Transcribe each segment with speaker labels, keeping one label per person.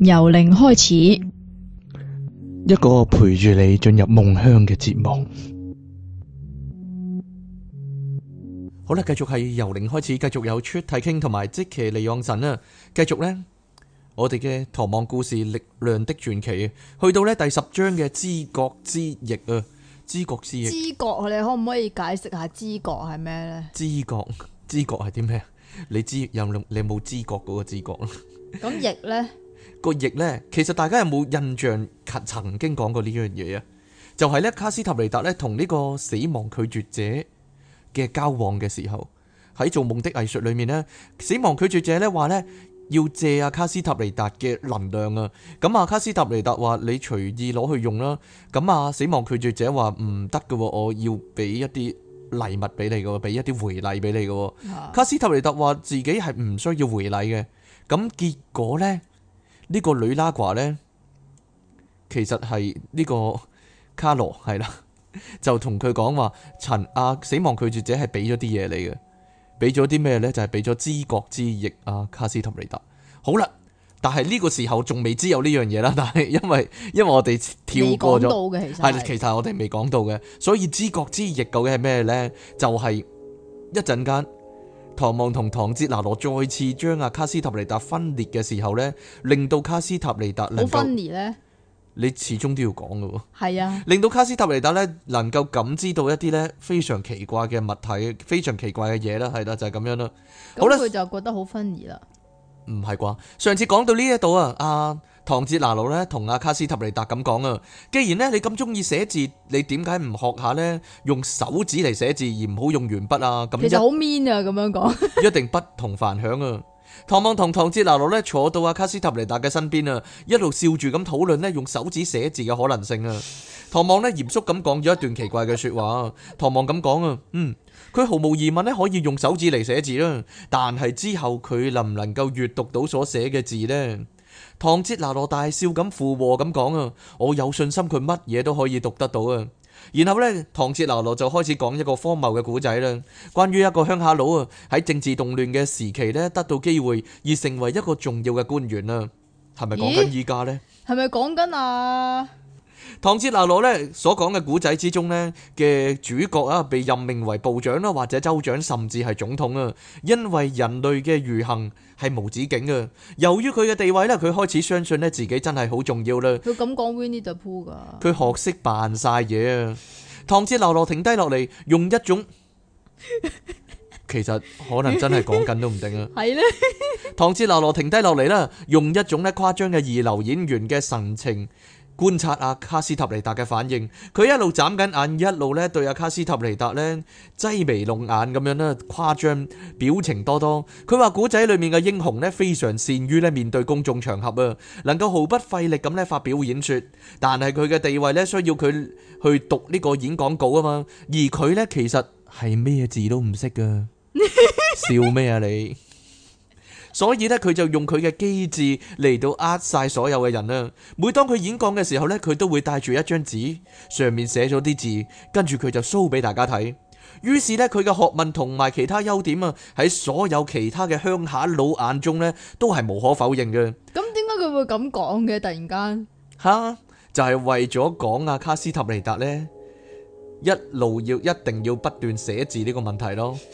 Speaker 1: 由零開始，
Speaker 2: 一個陪住你進入夢鄉嘅節目。好啦，繼續係由零開始，繼續有出體傾同埋即其利用神啊！繼續咧，我哋嘅《唐望故事：力量的傳奇》啊，去到呢第十章嘅知覺之翼啊，知覺之翼。知
Speaker 1: 覺你可唔可以解釋下知覺係咩咧？
Speaker 2: 知覺，知覺係啲咩？你知有冇你冇知覺嗰個知覺咯？
Speaker 1: 咁翼咧？
Speaker 2: 個翼呢，其實大家有冇印象曾曾經講過呢樣嘢啊？就係咧，卡斯塔尼達咧同呢個死亡拒絕者嘅交往嘅時候，喺做夢的藝術裏面呢，死亡拒絕者咧話呢要借阿卡斯塔尼達嘅能量啊，咁啊，卡斯塔尼達話你隨意攞去用啦，咁啊死亡拒絕者話唔得噶，我要俾一啲禮物俾你噶，俾一啲回禮俾你噶，卡斯塔尼達話自己係唔需要回禮嘅，咁結果呢。呢個女拉掛咧，其實係呢個卡羅係啦，就同佢講話陳阿死亡拒絕者係俾咗啲嘢你嘅，俾咗啲咩咧？就係俾咗知覺之翼啊，卡斯圖利達。好啦，但係呢個時候仲未知有呢樣嘢啦。但係因為因為我哋跳過咗，係其，其實我哋未講到嘅，所以知覺之翼究竟係咩咧？就係一陣間。唐望同唐哲拿羅再次將阿卡斯塔尼達分裂嘅時候呢，令到卡斯塔尼達好分離，呢你始終都要講噶喎。係啊，令到卡斯塔尼達呢、啊、達能夠感知到一啲呢非常奇怪嘅物體，非常奇怪嘅嘢啦。係啦，就係、是、咁樣啦。好咧，佢就
Speaker 1: 覺得好分離啦。
Speaker 2: 唔係啩？上次講到呢一度啊，阿唐哲拿羅咧同阿卡斯塔尼達咁講啊，既然呢，你咁中意寫字，你點解唔學下呢？用手指嚟寫字而唔好用鉛筆啊？其實好
Speaker 1: mean 啊，咁樣講。
Speaker 2: 一定不同凡響啊！ 唐望同唐哲拿羅咧坐到阿卡斯塔尼達嘅身邊啊，一路笑住咁討論呢，用手指寫字嘅可能性啊！唐望呢，嚴肅咁講咗一段奇怪嘅說話。唐望咁講啊，嗯，佢毫無疑問呢可以用手指嚟寫字啦，但係之後佢能唔能夠閱讀到所寫嘅字呢？唐哲拿羅大笑咁附和咁講啊，我有信心佢乜嘢都可以讀得到啊。然後呢，唐哲拿羅就開始講一個荒謬嘅古仔啦，關於一個鄉下佬啊，喺政治動亂嘅時期呢，得到機會而成為一個重要嘅官員是是是是啊。係咪講緊依家呢？
Speaker 1: 係咪講緊啊？
Speaker 2: 唐治拉羅咧所講嘅古仔之中咧嘅主角啊，被任命為部長啦，或者州長，甚至係總統啊。因為人類嘅馀幸係無止境啊。由於佢嘅地位咧，佢開始相信咧自己真係好重要啦。佢
Speaker 1: 咁講，Winnie the Pooh？噶？
Speaker 2: 佢學識扮晒嘢啊。唐治拉羅停低落嚟，用一種其實可能真係講緊都唔定啊。係咧，唐治拉羅停低落嚟啦，用一種咧誇張嘅二流演員嘅神情。觀察阿卡斯塔尼達嘅反應，佢一路眨緊眼，一路咧對阿卡斯塔尼達咧擠眉弄眼咁樣咧，誇張表情多多。佢話古仔裏面嘅英雄咧非常擅於咧面對公眾場合啊，能夠毫不費力咁咧發表演說。但係佢嘅地位咧需要佢去讀呢個演講稿啊嘛，而佢咧其實係咩字都唔識㗎。笑咩啊你？所以咧，佢就用佢嘅機智嚟到呃晒所有嘅人啦。每當佢演講嘅時候咧，佢都會帶住一張紙，上面寫咗啲字，跟住佢就 show 俾大家睇。於是咧，佢嘅學問同埋其他優點啊，喺所有其他嘅鄉下佬眼中咧，都係無可否認嘅。
Speaker 1: 咁點解佢會咁講嘅？突然間
Speaker 2: 吓， 就係為咗講阿卡斯塔尼達咧，一路要一定要不斷寫字呢個問題咯。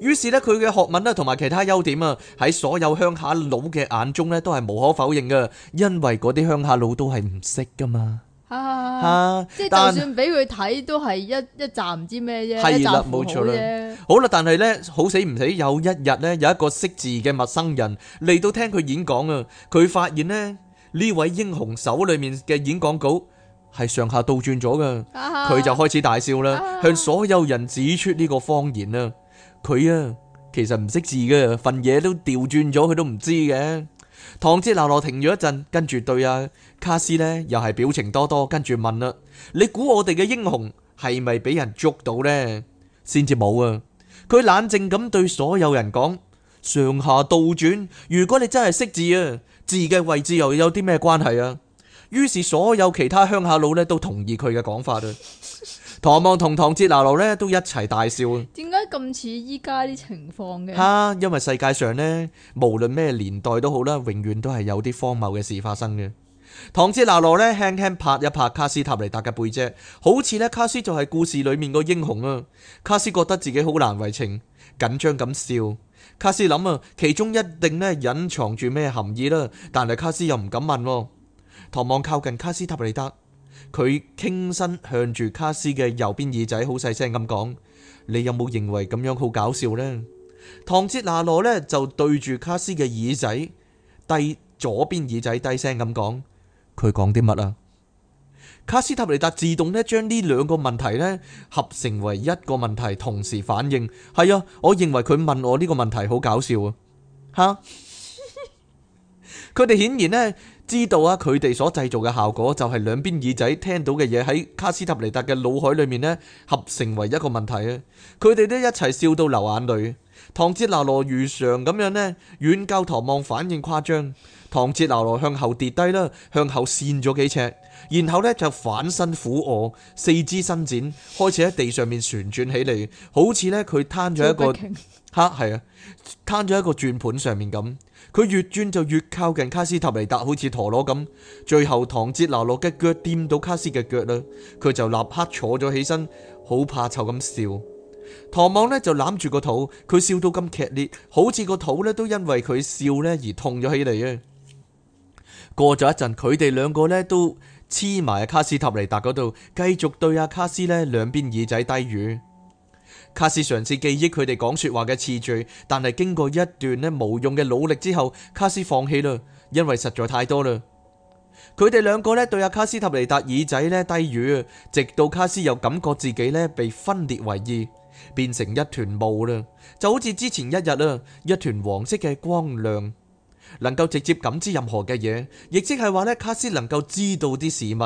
Speaker 2: 於是咧，佢嘅學問咧，同埋其他優點啊，喺所有鄉下佬嘅眼中咧，都係無可否認噶。因為嗰啲鄉下佬都係唔識噶嘛。
Speaker 1: 啊，即係就算俾佢睇，都係一一集唔知咩啫，係啦，冇錯啦。
Speaker 2: 好啦，但係咧，好死唔死，有一日咧，有一個識字嘅陌生人嚟到聽佢演講啊。佢發現咧，呢位英雄手裏面嘅演講稿係上下倒轉咗噶。佢就開始大笑啦，向所有人指出呢個謊言啦。佢啊，其實唔識字嘅份嘢，都調轉咗，佢都唔知嘅。唐哲娜羅停咗一陣，跟住對阿、啊、卡斯呢，又係表情多多，跟住問啦、啊：你估我哋嘅英雄係咪俾人捉到呢？先至冇啊！佢冷靜咁對所有人講：上下倒轉，如果你真係識字啊，字嘅位置又有啲咩關係啊？於是所有其他鄉下佬呢，都同意佢嘅講法啦。唐望同唐哲拿羅呢都一齊大笑。
Speaker 1: 點解咁似依家啲情況嘅？哈！
Speaker 2: 因為世界上呢，無論咩年代都好啦，永遠都係有啲荒謬嘅事發生嘅。唐哲拿羅呢輕輕拍一拍卡斯塔尼達嘅背脊，好似呢卡斯就係故事裏面個英雄啊。卡斯覺得自己好難為情，緊張咁笑。卡斯諗啊，其中一定呢隱藏住咩含義啦、啊，但係卡斯又唔敢問、啊。唐望靠近卡斯塔尼達。佢傾身向住卡斯嘅右邊耳仔，好細聲咁講：你有冇認為咁樣好搞笑呢？」唐哲拿羅呢就對住卡斯嘅耳仔低左邊耳仔低聲咁講：佢講啲乜啊？卡斯塔尼達自動呢將呢兩個問題呢合成為一個問題，同時反應：係啊，我認為佢問我呢個問題好搞笑啊！吓，佢哋 顯然呢。知道啊！佢哋所製造嘅效果就係兩邊耳仔聽到嘅嘢喺卡斯塔尼達嘅腦海裏面呢合成為一個問題啊！佢哋都一齊笑到流眼淚。唐哲拿羅如常咁樣呢遠較唐望反應誇張，唐哲拿羅向後跌低啦，向後跣咗幾尺，然後呢就反身俯臥，四肢伸展，開始喺地上面旋轉起嚟，好似呢，佢攤咗一個，吓，係啊，攤咗一個轉盤上面咁。佢越轉就越靠近卡斯塔尼達，好似陀螺咁。最後唐哲拿羅嘅腳掂到卡斯嘅腳啦，佢就立刻坐咗起身，好怕醜咁笑。唐望呢就攬住個肚，佢笑到咁劇烈，好似個肚呢都因為佢笑呢而痛咗起嚟啊！過咗一陣，佢哋兩個呢都黐埋阿卡斯塔尼達嗰度，繼續對阿卡斯呢兩邊耳仔低語。卡斯嘗試記憶佢哋講說話嘅次序，但係經過一段咧無用嘅努力之後，卡斯放棄啦，因為實在太多啦。佢哋兩個咧對阿卡斯塔尼達耳仔咧低語，直到卡斯又感覺自己咧被分裂為二，變成一團霧啦，就好似之前一日啦，一團黃色嘅光亮，能夠直接感知任何嘅嘢，亦即係話咧卡斯能夠知道啲事物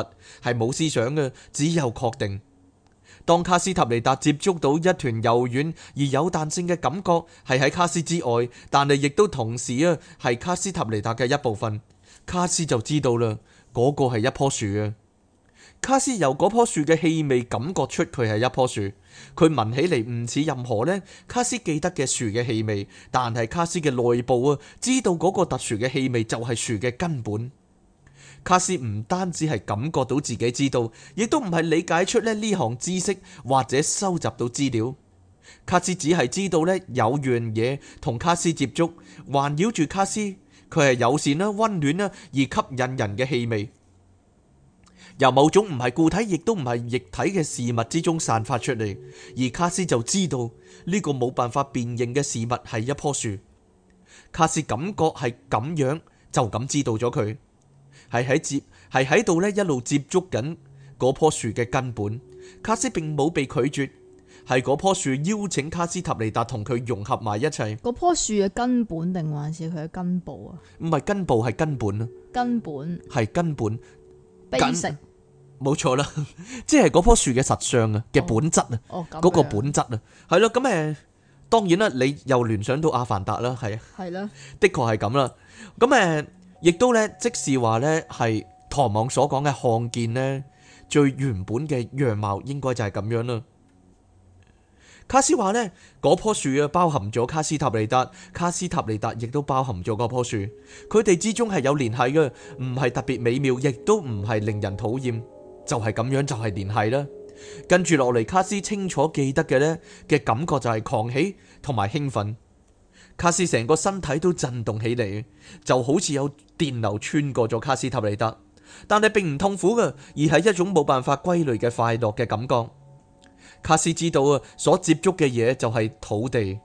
Speaker 2: 係冇思想嘅，只有確定。當卡斯塔尼達接觸到一團柔軟而有彈性嘅感覺，係喺卡斯之外，但係亦都同時啊係卡斯塔尼達嘅一部分。卡斯就知道啦，嗰個係一棵樹啊。卡斯由嗰棵樹嘅氣味感覺出佢係一棵樹，佢聞起嚟唔似任何咧卡斯記得嘅樹嘅氣味，但係卡斯嘅內部啊知道嗰個特殊嘅氣味就係樹嘅根本。卡斯唔單止係感覺到自己知道，亦都唔係理解出呢呢行知識或者收集到資料。卡斯只係知道呢有樣嘢，同卡斯接觸，環繞住卡斯，佢係友善啦、溫暖啦而吸引人嘅氣味，由某種唔係固體亦都唔係液體嘅事物之中散發出嚟，而卡斯就知道呢個冇辦法辨認嘅事物係一棵樹。卡斯感覺係咁樣，就咁知道咗佢。係喺接，係喺度呢，一路接觸緊嗰棵樹嘅根本。卡斯並冇被拒絕，係嗰棵樹邀請卡斯塔尼達同佢融合埋一齊。
Speaker 1: 嗰棵樹嘅根本定還是佢嘅根部啊？
Speaker 2: 唔係根部，係根本啊！
Speaker 1: 根本
Speaker 2: 係根本，本質冇錯啦，即係嗰棵樹嘅實相，啊，嘅本質啊，嗰，哦，個本質啊，係咯。咁誒，當然啦，你又聯想到阿凡達啦，係啊，係啦的，的確係咁啦。咁誒。嗯亦都咧，即是話咧，係唐望所講嘅看見呢，最原本嘅樣貌應該就係咁樣啦。卡斯話呢，嗰棵樹啊，包含咗卡斯塔利達，卡斯塔利達亦都包含咗嗰棵樹，佢哋之中係有聯繫嘅，唔係特別美妙，亦都唔係令人討厭，就係咁樣，就係聯繫啦。跟住落嚟，卡斯清楚記得嘅呢嘅感覺就係狂喜同埋興奮。卡斯成個身體都震動起嚟，就好似有電流穿過咗卡斯塔里德，但係並唔痛苦嘅，而係一種冇辦法歸類嘅快樂嘅感覺。卡斯知道啊，所接觸嘅嘢就係土地。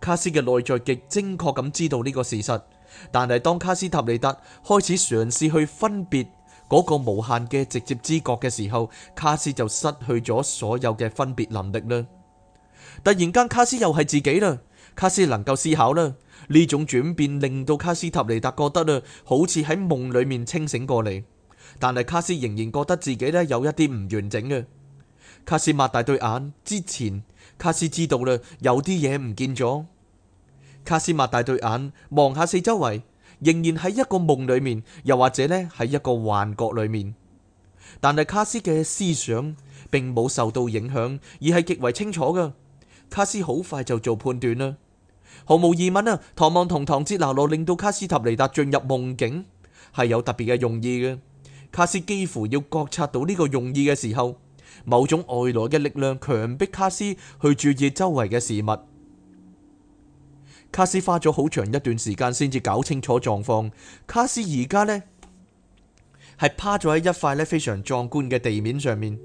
Speaker 2: 卡斯嘅內在極精確咁知道呢個事實，但係當卡斯塔里德開始嘗試去分別嗰個無限嘅直接知覺嘅時候，卡斯就失去咗所有嘅分別能力啦。突然間，卡斯又係自己啦。卡斯能夠思考啦，呢種轉變令到卡斯塔尼達覺得啦，好似喺夢裏面清醒過嚟，但係卡斯仍然覺得自己咧有一啲唔完整嘅。卡斯擘大對眼，之前卡斯知道啦，有啲嘢唔見咗。卡斯擘大對眼，望下四周圍，仍然喺一個夢裏面，又或者咧喺一個幻覺裏面，但係卡斯嘅思想並冇受到影響，而係極為清楚㗎。卡斯好快就做判斷啦，毫無疑問啊，唐望同唐哲拿羅令到卡斯塔尼達進入夢境，係有特別嘅用意嘅。卡斯幾乎要覺察到呢個用意嘅時候，某種外來嘅力量強迫卡斯去注意周圍嘅事物。卡斯花咗好長一段時間先至搞清楚狀況。卡斯而家呢，係趴咗喺一塊呢非常壯觀嘅地面上面。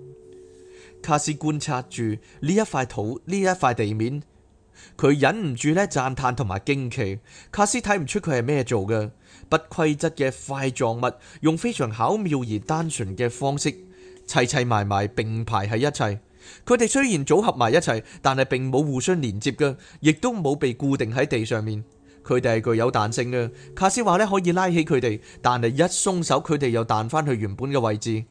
Speaker 2: 卡斯觀察住呢一塊土，呢一塊地面，佢忍唔住咧讚嘆同埋驚奇。卡斯睇唔出佢係咩做嘅。不規則嘅塊狀物，用非常巧妙而單純嘅方式，砌砌埋埋埋並排喺一齊。佢哋雖然組合埋一齊，但係並冇互相連接嘅，亦都冇被固定喺地上面。佢哋係具有彈性嘅。卡斯話咧可以拉起佢哋，但係一鬆手佢哋又彈翻去原本嘅位置。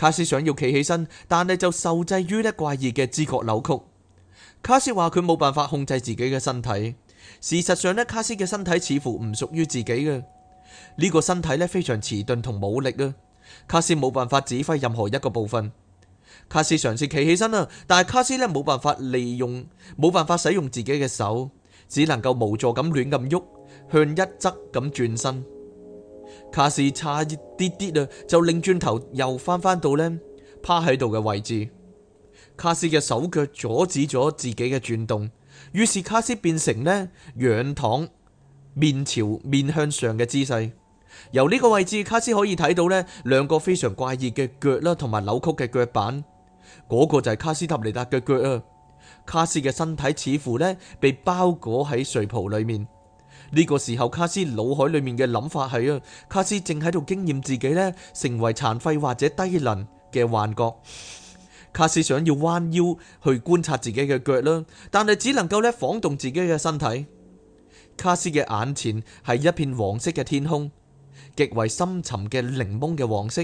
Speaker 2: 卡斯想要企起身，但係就受制於呢怪異嘅知覺扭曲。卡斯話佢冇辦法控制自己嘅身體。事實上呢，卡斯嘅身體似乎唔屬於自己嘅。呢個身體呢非常遲鈍同冇力啊。卡斯冇辦法指揮任何一個部分。卡斯嘗試企起身啊，但係卡斯呢冇辦法利用冇辦法使用自己嘅手，只能夠無助咁亂咁喐，向一側咁轉身。卡斯差一啲啲啊，就擰轉頭又翻返到呢，趴喺度嘅位置。卡斯嘅手腳阻止咗自己嘅轉動，於是卡斯變成呢，仰躺面朝面向上嘅姿勢。由呢個位置，卡斯可以睇到呢兩個非常怪異嘅腳啦，同埋扭曲嘅腳板。嗰個就係卡斯塔尼達嘅腳啊。卡斯嘅身體似乎呢，被包裹喺睡袍裏面。呢個時候，卡斯腦海裏面嘅諗法係啊，卡斯正喺度經驗自己呢，成為殘廢或者低能嘅幻覺。卡斯想要彎腰去觀察自己嘅腳啦，但係只能夠呢，晃動自己嘅身體。卡斯嘅眼前係一片黃色嘅天空，極為深沉嘅檸檬嘅黃色，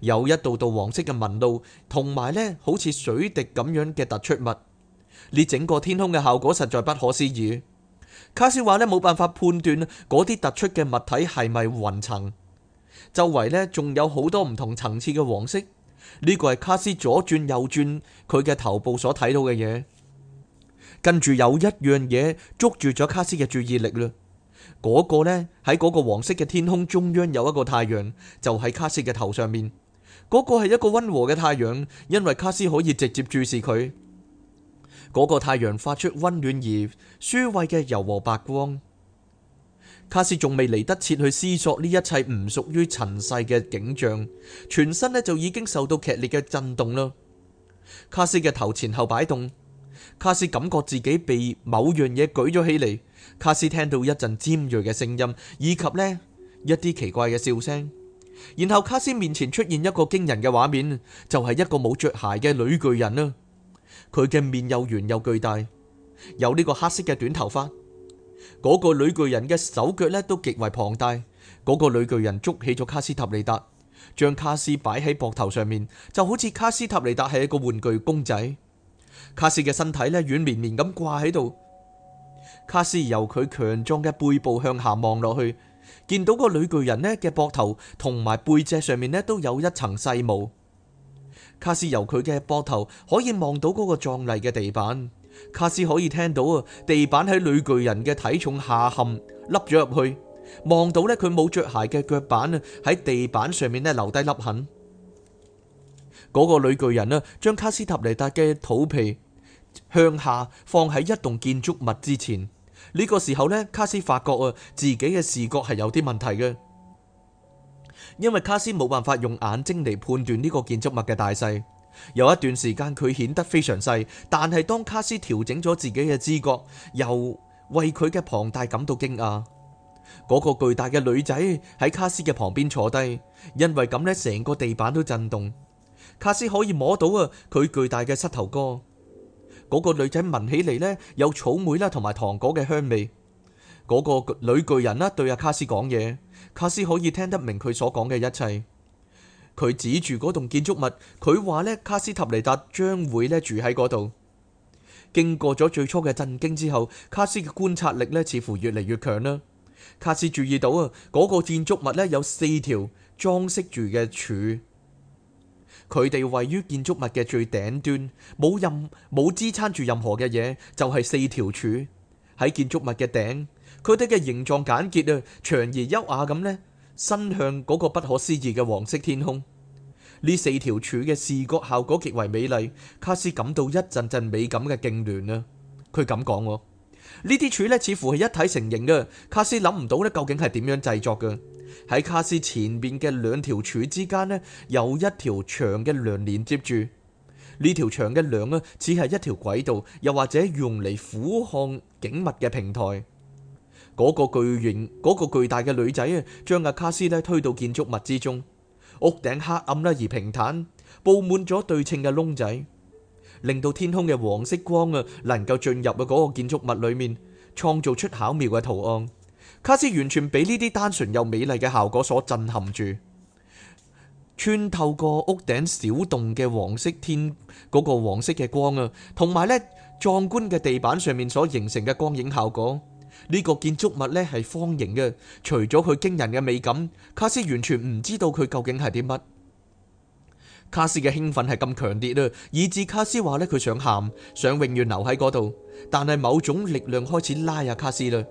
Speaker 2: 有一道道黃色嘅紋路，同埋呢好似水滴咁樣嘅突出物。呢整個天空嘅效果實在不可思議。卡斯話咧冇辦法判斷嗰啲突出嘅物體係咪雲層，周圍咧仲有好多唔同層次嘅黃色。呢個係卡斯左轉右轉佢嘅頭部所睇到嘅嘢。跟住有一樣嘢捉住咗卡斯嘅注意力啦，嗰個呢，喺嗰個黃色嘅天空中央有一個太陽，就喺卡斯嘅頭上面。嗰個係一個溫和嘅太陽，因為卡斯可以直接注視佢。嗰個太陽發出溫暖而舒慰嘅柔和白光。卡斯仲未嚟得切，去思索呢一切唔屬於塵世嘅景象，全身呢就已經受到劇烈嘅震動啦。卡斯嘅頭前後擺動，卡斯感覺自己被某樣嘢舉咗起嚟。卡斯聽到一陣尖銳嘅聲音，以及呢一啲奇怪嘅笑聲。然後卡斯面前出現一個驚人嘅畫面，就係一個冇着鞋嘅女巨人啦。佢嘅面又圓又巨大，有呢個黑色嘅短頭髮。嗰個女巨人嘅手腳咧都極為龐大。嗰個女巨人捉起咗卡斯塔利達，將卡斯擺喺膊頭上面，就好似卡斯塔利達係一個玩具公仔。卡斯嘅身體咧軟綿綿咁掛喺度。卡斯由佢強壯嘅背部向下望落去，見到個女巨人咧嘅膊頭同埋背脊上面咧都有一層細毛。卡斯由佢嘅膊頭可以望到嗰個壯麗嘅地板，卡斯可以聽到啊，地板喺女巨人嘅體重下陷凹咗入去，望到呢佢冇著鞋嘅腳板啊喺地板上面呢留低凹痕。嗰個女巨人啊，將卡斯塔尼達嘅肚皮向下放喺一棟建築物之前。呢個時候呢，卡斯發覺啊自己嘅視覺係有啲問題嘅。因為卡斯冇辦法用眼睛嚟判斷呢個建築物嘅大細，有一段時間佢顯得非常細，但係當卡斯調整咗自己嘅知覺，又為佢嘅龐大感到驚訝。嗰個巨大嘅女仔喺卡斯嘅旁邊坐低，因為咁呢成個地板都震動。卡斯可以摸到啊，佢巨大嘅膝頭哥。嗰個女仔聞起嚟呢，有草莓啦同埋糖果嘅香味。嗰個女巨人呢，對阿卡斯講嘢。卡斯可以聽得明佢所講嘅一切，佢指住嗰棟建築物，佢話呢卡斯塔尼達將會咧住喺嗰度。經過咗最初嘅震驚之後，卡斯嘅觀察力呢似乎越嚟越強啦。卡斯注意到啊，嗰個建築物呢有四條裝飾住嘅柱，佢哋位於建築物嘅最頂端，冇任冇支撐住任何嘅嘢，就係四條柱喺建築物嘅頂。佢哋嘅形狀簡潔啊，長而優雅咁咧，伸向嗰個不可思議嘅黃色天空。呢四條柱嘅視覺效果極為美麗，卡斯感到一陣陣美感嘅痙攣啊。佢咁講，呢啲柱咧似乎係一體成型嘅。卡斯諗唔到咧，究竟係點樣製作嘅？喺卡斯前面嘅兩條柱之間咧，有一條長嘅梁連接住。呢條長嘅梁啊，似係一條軌道，又或者用嚟俯瞰景物嘅平台。嗰個巨型、嗰個巨大嘅女仔啊，將阿卡斯咧推到建築物之中。屋頂黑暗啦，而平坦，佈滿咗對稱嘅窿仔，令到天空嘅黃色光啊，能夠進入嘅嗰個建築物裏面，創造出巧妙嘅圖案。卡斯完全俾呢啲單純又美麗嘅效果所震撼住，穿透過屋頂小洞嘅黃色天嗰個黃色嘅光啊，同埋咧壯觀嘅地板上面所形成嘅光影效果。呢個建築物呢係方形嘅，除咗佢驚人嘅美感，卡斯完全唔知道佢究竟係啲乜。卡斯嘅興奮係咁強烈啦，以至卡斯話呢，佢想喊，想永遠留喺嗰度。但係某種力量開始拉啊卡斯啦，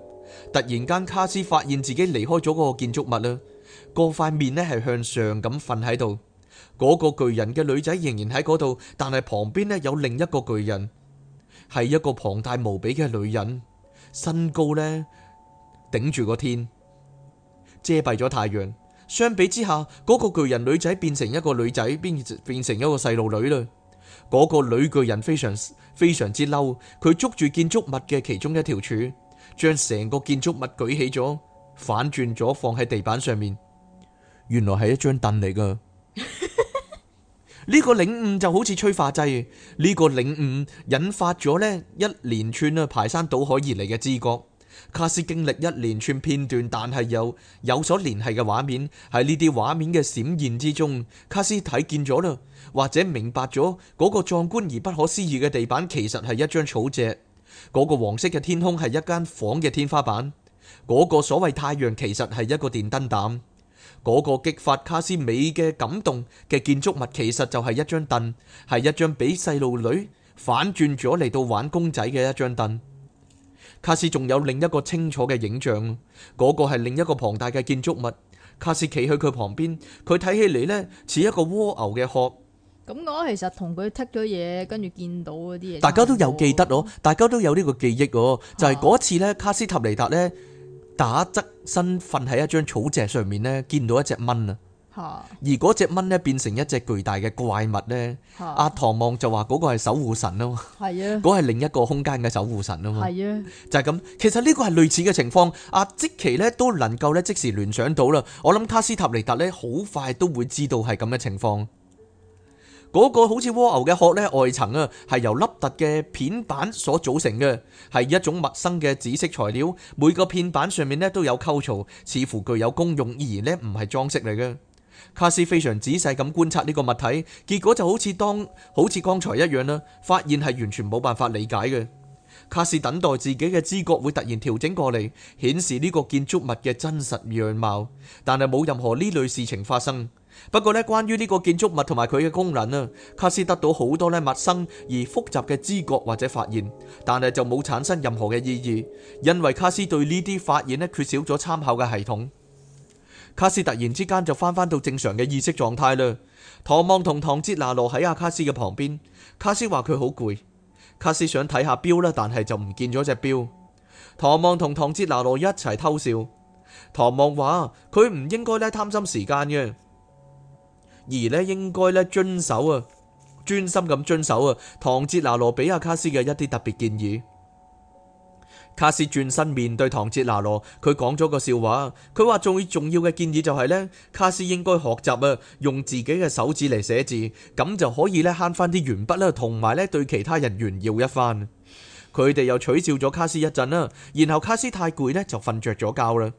Speaker 2: 突然間卡斯發現自己離開咗個建築物啦，個塊面呢係向上咁瞓喺度。嗰個巨人嘅女仔仍然喺嗰度，但係旁邊呢有另一個巨人，係一個龐大無比嘅女人。身高呢，頂住個天，遮蔽咗太陽。相比之下，嗰個巨人女仔變成一個女仔，變變成一個細路女嘞。嗰個女巨人非常非常之嬲，佢捉住建築物嘅其中一條柱，將成個建築物舉起咗，反轉咗放喺地板上面。原來係一張凳嚟噶。 呢個領悟就好似催化劑，呢個領悟引發咗呢一連串啦，排山倒海而嚟嘅知覺。卡斯經歷一連串片段，但係又有，有所聯繫嘅畫面，喺呢啲畫面嘅閃現之中，卡斯睇見咗啦，或者明白咗嗰個壯觀而不可思議嘅地板其實係一張草席，嗰個黃色嘅天空係一間房嘅天花板，嗰個所謂太陽其實係一個電燈膽。嗰個激發卡斯美嘅感動嘅建築物，其實就係一張凳，係一張俾細路女反轉咗嚟,到玩公仔嘅一張凳。卡斯仲有另一個清楚嘅影像，嗰個係另一個龐大嘅建築物。卡斯企喺佢旁邊，佢睇起嚟呢，似一個蝸牛嘅殼。
Speaker 1: 咁我其實同佢剔咗嘢，跟住見到嗰啲嘢，大家都有記得
Speaker 2: 囉，大家都有呢個記憶哦，就係嗰次呢，卡斯塔尼達呢。打側身瞓喺一張草席上面呢，見到一隻蚊啊！而嗰隻蚊咧，變成一隻巨大嘅怪物呢，阿、啊、唐望就話嗰個係守護神啊嘛，嗰係 另一個空間嘅守護神啊嘛，就係咁。其實呢個係類似嘅情況，阿、啊、即奇呢都能夠呢，即時聯想到啦。我諗卡斯塔尼達呢，好快都會知道係咁嘅情況。嗰個好似蝸牛嘅殼咧，外層啊係由凹凸嘅片板所組成嘅，係一種陌生嘅紫色材料。每個片板上面咧都有溝槽，似乎具有功用，而咧唔係裝飾嚟嘅。卡斯非常仔細咁觀察呢個物體，結果就好似當好似剛才一樣啦，發現係完全冇辦法理解嘅。卡斯等待自己嘅知覺會突然調整過嚟，顯示呢個建築物嘅真實樣貌，但係冇任何呢類事情發生。不過呢，關於呢個建築物同埋佢嘅功能呢，卡斯得到好多咧陌生而複雜嘅知覺或者發現，但係就冇產生任何嘅意義，因為卡斯對呢啲發現呢缺少咗參考嘅系統。卡斯突然之間就翻返到正常嘅意識狀態啦。唐望同唐哲拿羅喺阿卡斯嘅旁邊，卡斯話佢好攰。卡斯想睇下錶啦，但係就唔見咗隻錶。唐望同唐哲拿羅一齊偷笑。唐望話佢唔應該咧貪心時間嘅。而咧應該咧遵守啊，專心咁遵守啊。唐哲拿羅比亞卡斯嘅一啲特別建議，卡斯轉身面對唐哲拿羅，佢講咗個笑話。佢話最重要嘅建議就係呢：卡斯應該學習啊，用自己嘅手指嚟寫字，咁就可以呢慳翻啲鉛筆啦，同埋呢對其他人炫耀一番。佢哋又取笑咗卡斯一陣啦，然後卡斯太攰呢，就瞓着咗覺啦。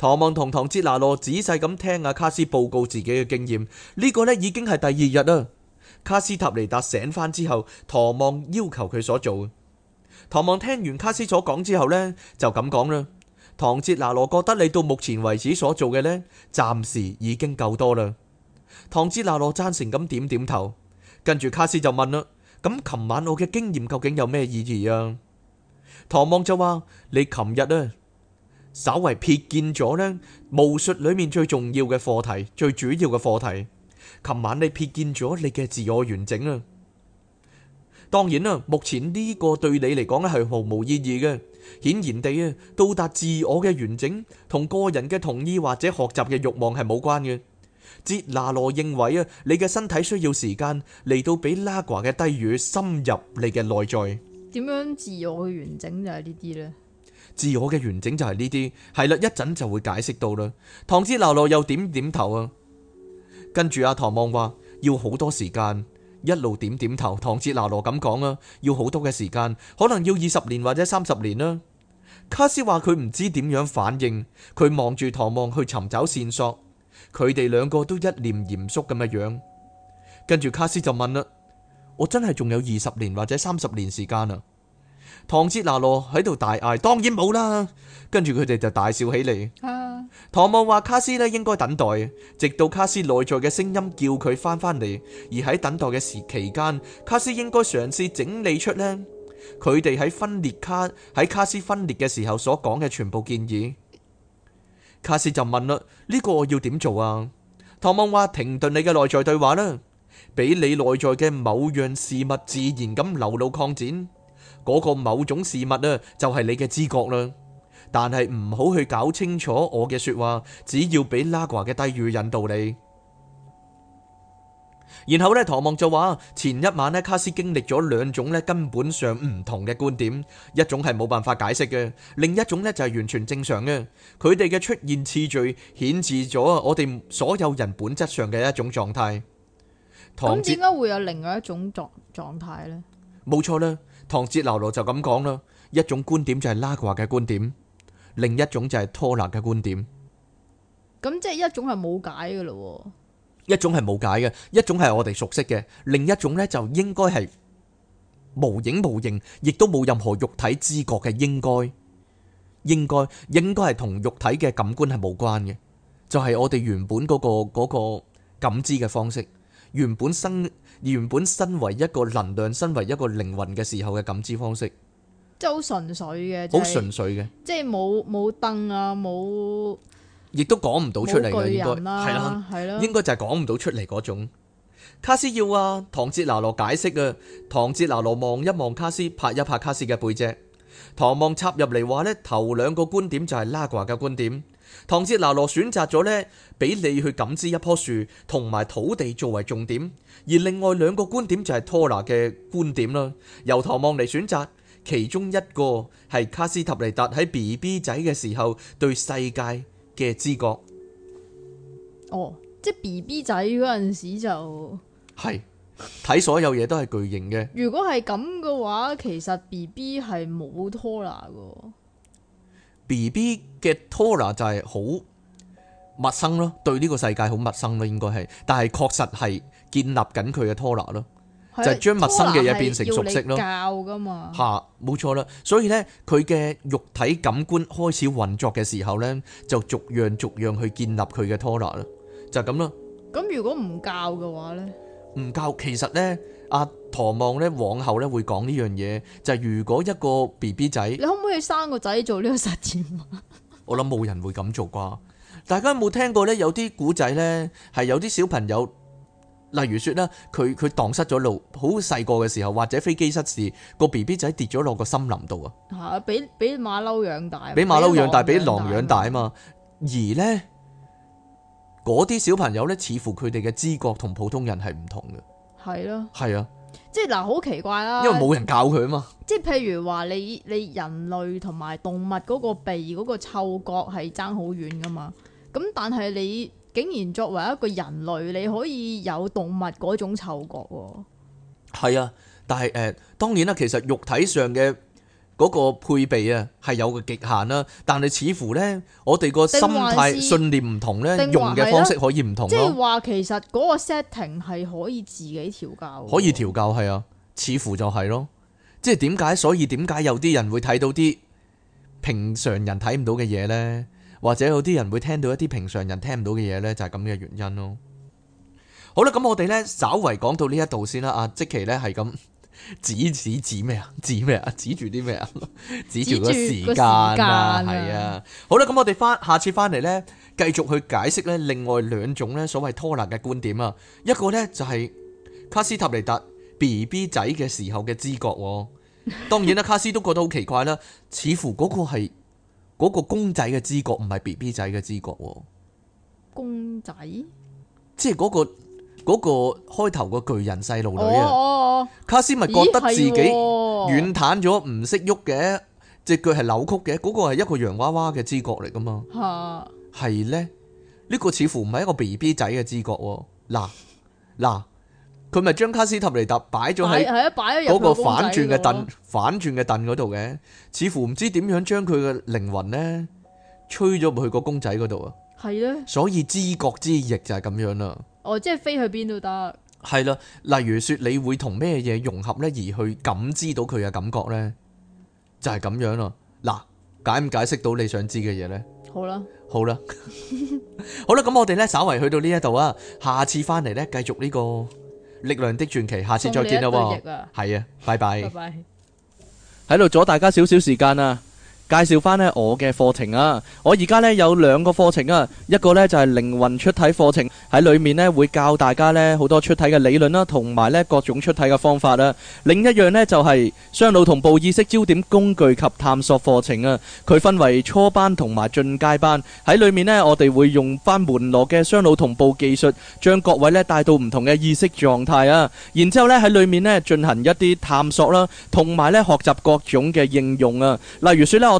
Speaker 2: 唐望同唐哲拿羅仔細咁聽阿卡斯報告自己嘅經驗，呢個呢已經係第二日啦。卡斯塔尼達醒翻之後，唐望要求佢所做。唐望聽完卡斯所講之後呢，就咁講啦。唐哲拿羅覺得你到目前為止所做嘅呢，暫時已經夠多啦。唐哲拿羅贊成咁點點頭，跟住卡斯就問啦，咁琴晚我嘅經驗究竟有咩意義啊？唐望就話：你琴日呢。」稍為瞥見咗呢，巫術裏面最重要嘅課題，最主要嘅課題。琴晚你瞥見咗你嘅自我完整啊！當然啦，目前呢個對你嚟講咧係毫無意義嘅。顯然地啊，到達自我嘅完整同個人嘅同意或者學習嘅慾望係冇關嘅。哲拿羅認為啊，你嘅身體需要時間嚟到比拉瓜嘅低語深入你嘅內在。
Speaker 1: 點樣自我嘅完整就係呢啲呢？
Speaker 2: 自我嘅完整就係呢啲，係啦，一陣就會解釋到啦。唐哲拿羅又點點頭啊，跟住阿唐望話要好多時間，一路點點頭。唐哲拿羅咁講啊，要好多嘅時間，可能要二十年或者三十年啦。卡斯話佢唔知點樣反應，佢望住唐望去尋找線索，佢哋兩個都一臉嚴肅咁嘅樣。跟住卡斯就問啦：我真係仲有二十年或者三十年時間啊？唐哲拿洛喺度大嗌，當然冇啦。跟住佢哋就大笑起嚟。啊、唐望話：卡斯呢應該等待，直到卡斯內在嘅聲音叫佢翻返嚟。而喺等待嘅時期間，卡斯應該嘗試整理出呢，佢哋喺分裂卡喺卡斯分裂嘅時候所講嘅全部建議。卡斯就問啦：呢、這個要點做啊？唐望話：停頓你嘅內在對話啦，俾你內在嘅某樣事物自然咁流露擴展。嗰個某種事物呢，就係你嘅知覺啦。但係唔好去搞清楚我嘅說話，只要俾拉華嘅低語引導你。然後呢，唐望就話：前一晚呢，卡斯經歷咗兩種呢根本上唔同嘅觀點，一種係冇辦法解釋嘅，另一種呢就係完全正常嘅。佢哋嘅出現次序，顯示咗我哋所有人本質上嘅一種狀態。咁點解
Speaker 1: 會有另外一種狀狀態呢？
Speaker 2: 冇錯啦。唐望牢牢就咁講啦，一種觀點就係拉格話嘅觀點，另一種就係托勒嘅觀點。
Speaker 1: 咁即係一種係冇解嘅咯。一
Speaker 2: 種係冇解嘅，一種係我哋熟悉嘅，另一種呢就應該係無影無形，亦都冇任何肉體知覺嘅應該，應該應該係同肉體嘅感官係冇關嘅，就係我哋原本嗰個嗰個感知嘅方式，原本生。原本身為一個能量，身為一個靈魂嘅時候嘅感知方式，即
Speaker 1: 係好純粹嘅，好、就係、純粹嘅，即係冇冇燈啊，冇
Speaker 2: 亦都講唔到出嚟嘅，應該係啦，係咯，應該就係講唔到出嚟嗰種。卡斯要啊，唐哲拿羅解釋啊，唐哲拿羅望一望卡斯，拍一拍卡斯嘅背脊，唐望插入嚟話呢，頭兩個觀點就係拉華嘅觀點。唐哲拿羅選擇咗呢，俾你去感知一棵樹同埋土地作為重點，而另外兩個觀點就係拖拿嘅觀點啦。由唐望嚟選擇，其中一個係卡斯塔尼達喺 B B 仔嘅時候對世界嘅知覺。
Speaker 1: 哦，即係 B B 仔嗰陣時就
Speaker 2: 係睇所有嘢都係巨型嘅。
Speaker 1: 如果係咁嘅話，其實 B B 係冇拖拿噶。
Speaker 2: B B 嘅 tonal 就係好陌生咯，對呢個世界好陌生咯，應該係，但係確實係建立緊佢嘅 tonal 咯，就係將陌生嘅嘢變成熟悉咯。
Speaker 1: 教噶嘛？吓，
Speaker 2: 冇錯啦。所以呢，佢嘅肉體感官開始運作嘅時候呢，就逐樣逐樣去建立佢嘅 tonal 啦，就咁啦。
Speaker 1: 咁如果唔教嘅話呢？
Speaker 2: 唔教，其實咧，阿唐望咧往後咧會講呢樣嘢，就係、是、如果一個 B B 仔，你
Speaker 1: 可唔可以生個仔做呢個實
Speaker 2: 踐？ 我諗冇人會咁做啩。大家有冇聽過咧？有啲古仔咧，係有啲小朋友，例如說咧，佢佢蕩失咗路，好細個嘅時候，或者飛機失事，個 B B 仔跌咗落個森林度啊，
Speaker 1: 吓，俾俾馬騮養大，俾馬騮養大，俾狼
Speaker 2: 養大啊嘛，而咧。嗰啲小朋友呢，似乎佢哋嘅知覺同普通人係唔同嘅，係咯，係啊，啊
Speaker 1: 即係嗱，好、呃、奇怪啦，啊，因為冇人教佢啊嘛。即係譬如話，你你人類同埋動物嗰個鼻嗰個嗅覺係爭好遠噶嘛。咁但係你竟然作為一個人類，你可以有動物嗰種嗅覺喎，
Speaker 2: 啊。係啊，但係誒、呃，當然啦，其實肉體上嘅。嗰個配備啊，係有個極限啦。但係似乎呢，我哋個心態、是信念唔同呢，是用嘅方式可以唔同咯。即係話
Speaker 1: 其實嗰個 setting 係可以自己調教。可以
Speaker 2: 調教係啊，似乎就係、是、咯。即係點解？所以點解有啲人會睇到啲平常人睇唔到嘅嘢呢？或者有啲人會聽到一啲平常人聽唔到嘅嘢呢？就係咁嘅原因咯。好啦，咁我哋呢，稍為講到呢一度先啦。啊，即期呢，係咁。指指指咩 啊？指咩啊？指住啲咩啊？指住個時間啊？係啊，好啦，咁我哋翻下次翻嚟咧，繼續去解釋咧另外兩種咧所謂拖勒嘅觀點啊。一個咧就係卡斯塔尼達 B B 仔嘅時候嘅知覺，當然啦，卡斯都覺得好奇怪啦， 似乎嗰個係嗰個公仔嘅知覺，唔係 B B 仔嘅知覺。
Speaker 1: 公仔，
Speaker 2: 即係嗰個。嗰個開頭個巨人細路女啊，哦、
Speaker 1: 卡斯咪覺得自己軟
Speaker 2: 癱咗，唔識喐嘅，隻腳係扭曲嘅。嗰、那個係一個洋娃娃嘅知覺嚟噶嘛？係咧哈，呢、這個似乎唔係一個 B B 仔嘅知覺、啊。嗱嗱，佢咪將卡斯塔尼達擺咗喺
Speaker 1: 嗰個反轉嘅凳，
Speaker 2: 反轉嘅凳嗰度嘅，似乎唔知點樣將佢嘅靈魂咧，吹咗去個公仔嗰度啊。係啊，所以知覺之翼就係咁樣啦。
Speaker 1: 哦，我即係飛去邊都得。
Speaker 2: 係啦，例如說，你會同咩嘢融合呢？而去感知到佢嘅感覺呢？就係咁樣啦。嗱，解唔解釋到你想知嘅嘢呢？好啦，好啦，好啦，咁我哋呢，稍微去到呢一度啊，下次翻嚟呢，繼續呢個力量的傳奇，下次再見啦。係啊，拜拜。 拜拜。喺度阻大家少少時間啊！介紹翻咧我嘅課程啊！我而家咧有兩個課程啊，一個咧就係靈魂出體課程，喺裡面咧會教大家咧好多出體嘅理論啦，同埋咧各種出體嘅方法啦，另一樣咧就係雙腦同步意識焦點工具及探索課程啊。佢分為初班同埋進階班，喺裡面咧我哋會用翻門羅嘅雙腦同步技術，將各位咧帶到唔同嘅意識狀態啊。然之後咧喺裡面咧進行一啲探索啦，同埋咧學習各種嘅應用啊。例如説咧我。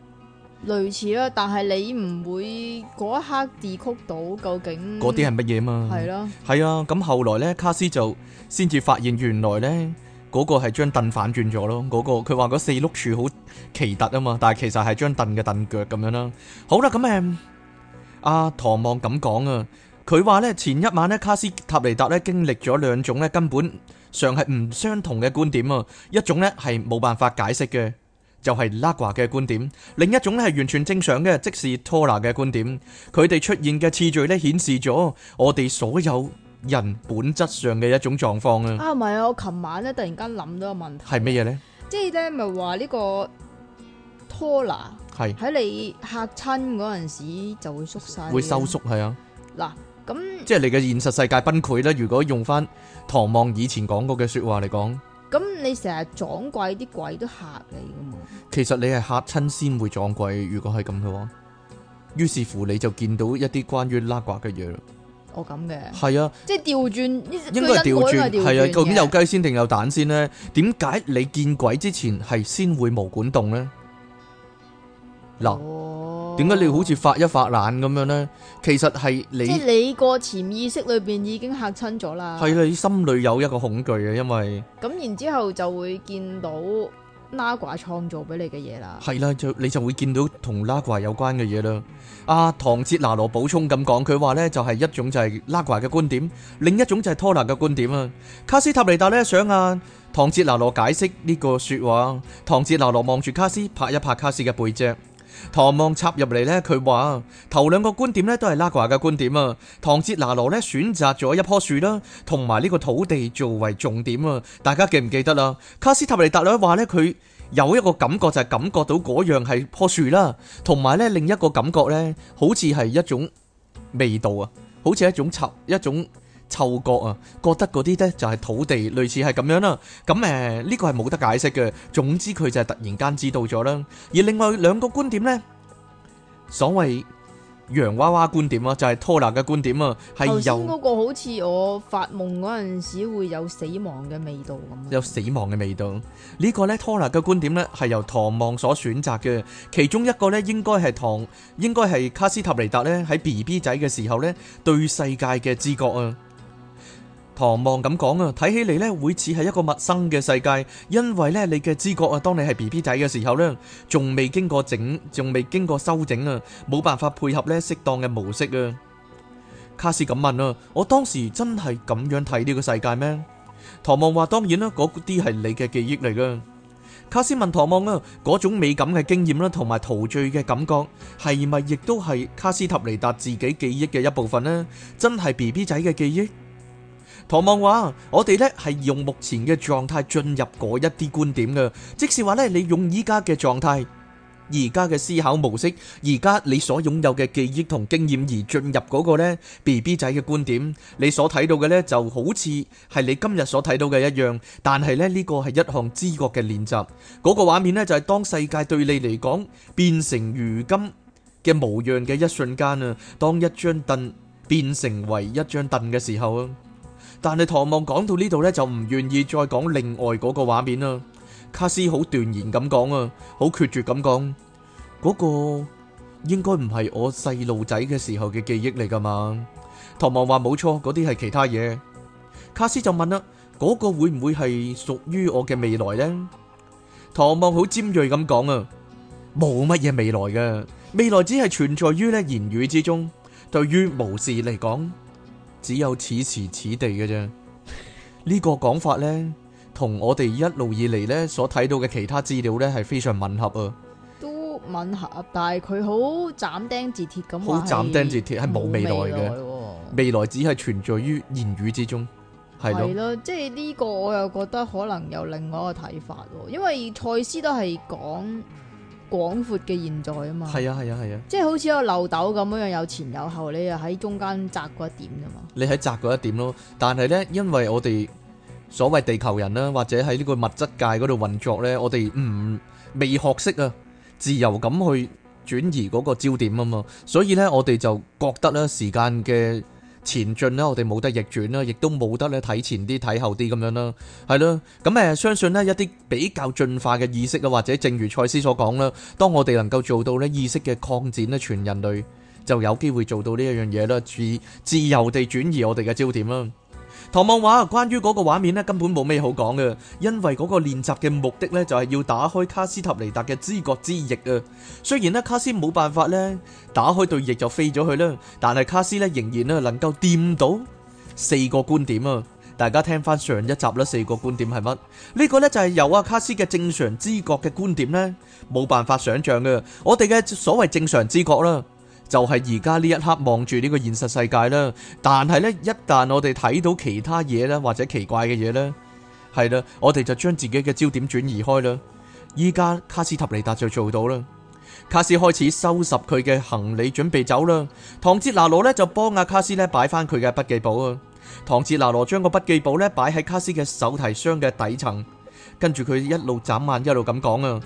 Speaker 1: 類似啦，但係你唔會嗰一刻 decode 到究竟嗰啲係
Speaker 2: 乜嘢嘛？係咯，係啊。咁後來咧，卡斯就先至發現原來咧嗰個係張凳反轉咗咯。嗰個佢話嗰四碌柱好奇特啊嘛，但係其實係張凳嘅凳腳咁樣啦。好啦，咁誒，阿唐望咁講啊，佢話咧前一晚咧，卡斯塔尼達咧經歷咗兩種咧根本上係唔相同嘅觀點啊，一種咧係冇辦法解釋嘅。就係拉 a 嘅觀點，另一種咧係完全正常嘅，即是托 a 嘅觀點。佢哋出現嘅次序咧顯示咗我哋所有人本質上嘅一種狀況啦。
Speaker 1: 啊，唔係啊，我琴晚咧突然間諗到一個問題係
Speaker 2: 咩嘢咧？呢
Speaker 1: 即係咧，咪話呢個托拉係喺你嚇親嗰陣時就會縮晒，會收縮係啊。嗱，咁即
Speaker 2: 係你嘅現實世界崩潰咧，如果用翻唐望以前講過嘅說話嚟講。
Speaker 1: 咁你成日撞鬼，啲鬼都嚇你㗎嘛？
Speaker 2: 其實你係嚇親先會撞鬼，如果係咁嘅話，於是乎你就見到一啲關於拉呱嘅嘢
Speaker 1: 咯。哦咁嘅。係啊，即係調轉，應該係調轉，係啊，究竟有雞
Speaker 2: 先定有蛋先咧？點解你見鬼之前係先會毛管戙咧？嗱。點解你好似發一發冷咁樣呢？其實係你即係你
Speaker 1: 個潛意識裏邊已經嚇親咗啦。係
Speaker 2: 你心裏有一個恐懼嘅，因為
Speaker 1: 咁然之後就會見到拉瓜創造俾你嘅嘢啦。
Speaker 2: 係啦，就你就會見到同拉瓜有關嘅嘢啦。阿、啊、唐哲拿羅補充咁講，佢話呢就係、是、一種就係拉瓜嘅觀點，另一種就係托納嘅觀點啊。卡斯塔尼達呢，想阿、啊、唐哲拿羅解釋呢個說話，唐哲拿羅望住卡斯，拍一拍卡斯嘅背脊。唐望插入嚟呢，佢話頭兩個觀點呢都係拉瓜嘅觀點啊。唐哲拿羅呢選擇咗一棵樹啦，同埋呢個土地作為重點啊。大家記唔記得啊？卡斯塔尼達咧話呢，佢有一個感覺就係感覺到嗰樣係棵樹啦，同埋呢另一個感覺呢好似係一種味道啊，好似一種插一種。嗅覺啊，覺得嗰啲呢就係、是、土地，類似係咁樣啦、啊。咁誒呢個係冇得解釋嘅。總之佢就係突然間知道咗啦。而另外兩個觀點呢，所謂洋娃娃觀點啊，就係拖 o 嘅觀點啊，係有，嗰
Speaker 1: 個好似我發夢嗰陣時會有死亡嘅味道咁。
Speaker 2: 有死亡嘅味道。呢、這個呢拖 o 嘅觀點呢，係由唐望所選擇嘅，其中一個呢，應該係唐應該係卡斯塔尼達呢喺 BB 仔嘅時候呢，對世界嘅知覺啊。唐望咁講啊，睇起嚟咧會似係一個陌生嘅世界，因為咧你嘅知覺啊，當你係 BB 仔嘅時候咧，仲未經過整，仲未經過修整啊，冇辦法配合咧適當嘅模式啊。卡斯咁問啊，我當時真係咁樣睇呢個世界咩？唐望話當然啦，嗰啲係你嘅記憶嚟噶。卡斯問唐望啊，嗰種美感嘅經驗啦，同埋陶醉嘅感覺係咪亦都係卡斯塔尼達自己記憶嘅一部分呢？真係 BB 仔嘅記憶？唐望話：我哋呢係用目前嘅狀態進入嗰一啲觀點嘅，即是話呢，你用依家嘅狀態、而家嘅思考模式、而家你所擁有嘅記憶同經驗而進入嗰個呢 BB 仔嘅觀點，你所睇到嘅呢就好似係你今日所睇到嘅一樣。但係呢，呢個係一項知覺嘅練習，嗰個畫面呢就係當世界對你嚟講變成如今嘅模樣嘅一瞬間啊！當一張凳變成為一張凳嘅時候啊！但係唐望講到呢度呢，就唔願意再講另外嗰個畫面啦。卡斯好斷言咁講啊，好決絕咁講，嗰個應該唔係我細路仔嘅時候嘅記憶嚟噶嘛？唐望話冇錯，嗰啲係其他嘢。卡斯就問啦，嗰個會唔會係屬於我嘅未來呢？唐望好尖銳咁講啊，冇乜嘢未來噶，未來只係存在於咧言語之中，對於無事嚟講。只有此時此地嘅啫，呢 個講法呢，同我哋一路以嚟呢所睇到嘅其他資料呢，係非常吻合啊！
Speaker 1: 都吻合，但係佢好斬釘截鐵咁，好斬釘截
Speaker 2: 鐵，係冇未來嘅，未來，未來只係存在於言語之中，係咯了，了
Speaker 1: 即係呢個我又覺得可能有另外一個睇法喎，因為蔡司都係講。廣闊嘅現在啊嘛，係啊
Speaker 2: 係啊係啊，啊啊即係
Speaker 1: 好似個漏斗咁樣有前有後，你又喺中間窄嗰一點噶嘛。
Speaker 2: 你喺窄嗰一點咯，但係呢，因為我哋所謂地球人啦，或者喺呢個物質界嗰度運作呢，我哋唔未學識啊，自由咁去轉移嗰個焦點啊嘛，所以呢，我哋就覺得呢時間嘅。前進啦，我哋冇得逆轉啦，亦都冇得咧睇前啲睇後啲咁樣啦，係啦，咁誒相信呢一啲比較進化嘅意識啊，或者正如賽斯所講啦，當我哋能夠做到咧意識嘅擴展咧，全人類就有機會做到呢一樣嘢啦，自自由地轉移我哋嘅焦點啦。唐望話：關於嗰個畫面咧，根本冇咩好講嘅，因為嗰個練習嘅目的呢，就係要打開卡斯塔尼達嘅知覺之翼啊。雖然咧卡斯冇辦法呢，打開對翼就飛咗去啦，但係卡斯咧仍然咧能夠掂到四個觀點啊。大家聽翻上一集呢，四個觀點係乜？呢個呢，就係由阿卡斯嘅正常知覺嘅觀點呢，冇辦法想象嘅。我哋嘅所謂正常知覺啦。就係而家呢一刻望住呢個現實世界啦，但係呢，一旦我哋睇到其他嘢啦，或者奇怪嘅嘢呢，係啦，我哋就將自己嘅焦點轉移開啦。依家卡斯塔尼達就做到啦，卡斯開始收拾佢嘅行李準備走啦。唐哲拿羅呢就幫阿、啊、卡斯呢擺翻佢嘅筆記簿啊。唐哲拿羅將個筆記簿呢擺喺卡斯嘅手提箱嘅底層，跟住佢一路眨眼一路咁講啊，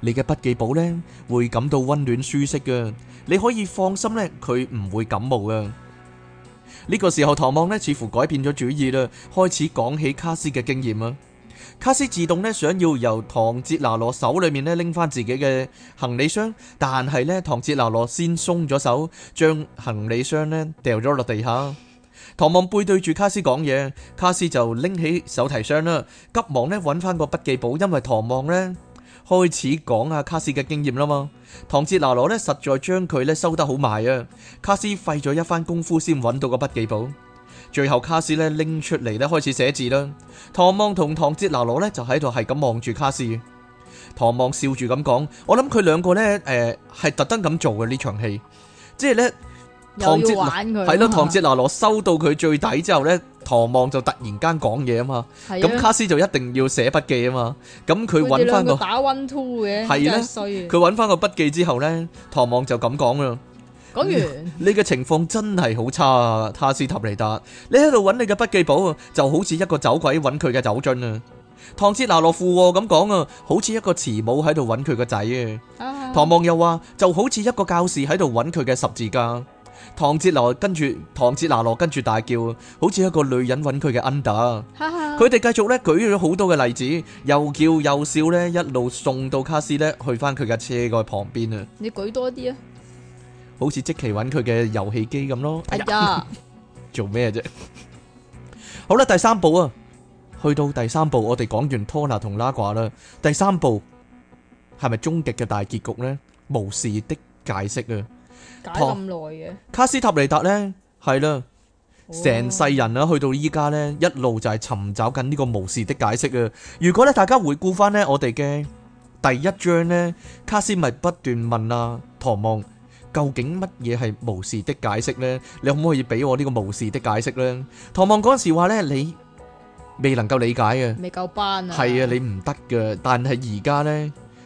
Speaker 2: 你嘅筆記簿呢，會感到溫暖舒適嘅。你可以放心咧，佢唔會感冒㗎。呢個時候，唐望咧似乎改變咗主意啦，開始講起卡斯嘅經驗啦。卡斯自動咧想要由唐哲拿羅手裏面咧拎翻自己嘅行李箱，但係咧唐哲拿羅先鬆咗手，將行李箱咧掉咗落地下。唐望背對住卡斯講嘢，卡斯就拎起手提箱啦，急忙咧揾翻個筆記簿，因為唐望咧。開始講阿、啊、卡斯嘅經驗啦嘛，唐哲拿羅咧實在將佢咧收得好埋啊，卡斯費咗一番功夫先揾到個筆記簿，最後卡斯咧拎出嚟咧開始寫字啦，唐望同唐哲拿羅咧就喺度係咁望住卡斯，唐望笑住咁講，我諗佢兩個咧誒係特登咁做嘅，呢場戲，即係咧。唐哲係咯，唐哲拿羅收到佢最底之後咧，唐望就突然間講嘢啊嘛。咁卡斯就一定要寫筆記啊嘛。咁佢搵翻個打
Speaker 1: one two 嘅係咧，佢
Speaker 2: 搵翻個筆記之後咧，唐望就咁講啦。
Speaker 1: 講完，
Speaker 2: 呢個情況真係好差，卡斯塔尼達你喺度搵你嘅筆記簿啊，就好似一個走鬼搵佢嘅酒樽啊。唐哲拿羅附和咁講啊，好似一個慈母喺度搵佢個仔啊。唐望又話就好似一個教士喺度搵佢嘅十字架。唐哲羅跟住，唐哲拿羅跟住大叫，好似一個女人揾佢嘅 under。佢哋繼續咧舉咗好多嘅例子，又叫又笑咧，一路送到卡斯咧去翻佢嘅車嗰旁邊啊！
Speaker 1: 你舉多啲啊！
Speaker 2: 好似即期揾佢嘅遊戲機咁咯。哎呀，做咩啫？好啦，第三部啊，去到第三部，我哋講完托納同拉掛啦。第三部係咪終極嘅大結局呢？無事的解釋啊！講咁耐嘅卡斯塔尼達咧，係啦，
Speaker 1: 成世
Speaker 2: 人啦，去到依家咧，一路就係尋找緊呢個無事的解釋啊！如果咧大家回顧翻咧，我哋嘅第一章咧，卡斯咪不斷問啊，唐望究竟乜嘢係無事的解釋咧？你可唔可以俾我呢個無事的解釋咧？唐望嗰陣時話咧，你未能夠理解嘅，未
Speaker 1: 夠班啊，係啊，你
Speaker 2: 唔得嘅，但係而家咧。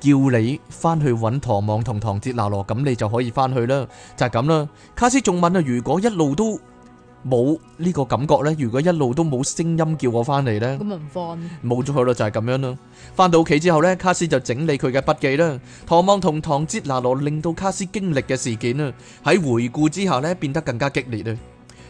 Speaker 2: 叫你翻去揾唐望同唐哲拿羅，咁你就可以翻去啦，就係咁啦。卡斯仲問啊，如果一路都冇呢個感覺呢，如果一路都冇聲音叫我翻嚟呢，咁咪唔翻咯，冇咗佢啦，就係咁樣啦。翻到屋企之後呢，卡斯就整理佢嘅筆記啦。唐望同唐哲拿羅令到卡斯經歷嘅事件啊，喺回顧之下呢，變得更加激烈啊。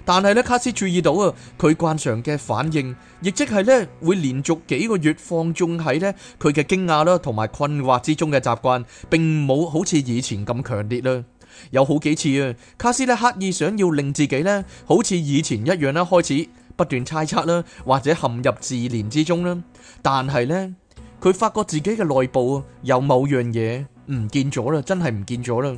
Speaker 2: 但係咧，卡斯注意到啊，佢慣常嘅反應，亦即係咧會連續幾個月放縱喺咧佢嘅驚訝啦，同埋困惑之中嘅習慣，並冇好似以前咁強烈啦。有好幾次啊，卡斯咧刻意想要令自己咧好似以前一樣啦，開始不斷猜測啦，或者陷入自憐之中啦。但係咧，佢發覺自己嘅內部有某樣嘢唔見咗啦，真係唔見咗啦。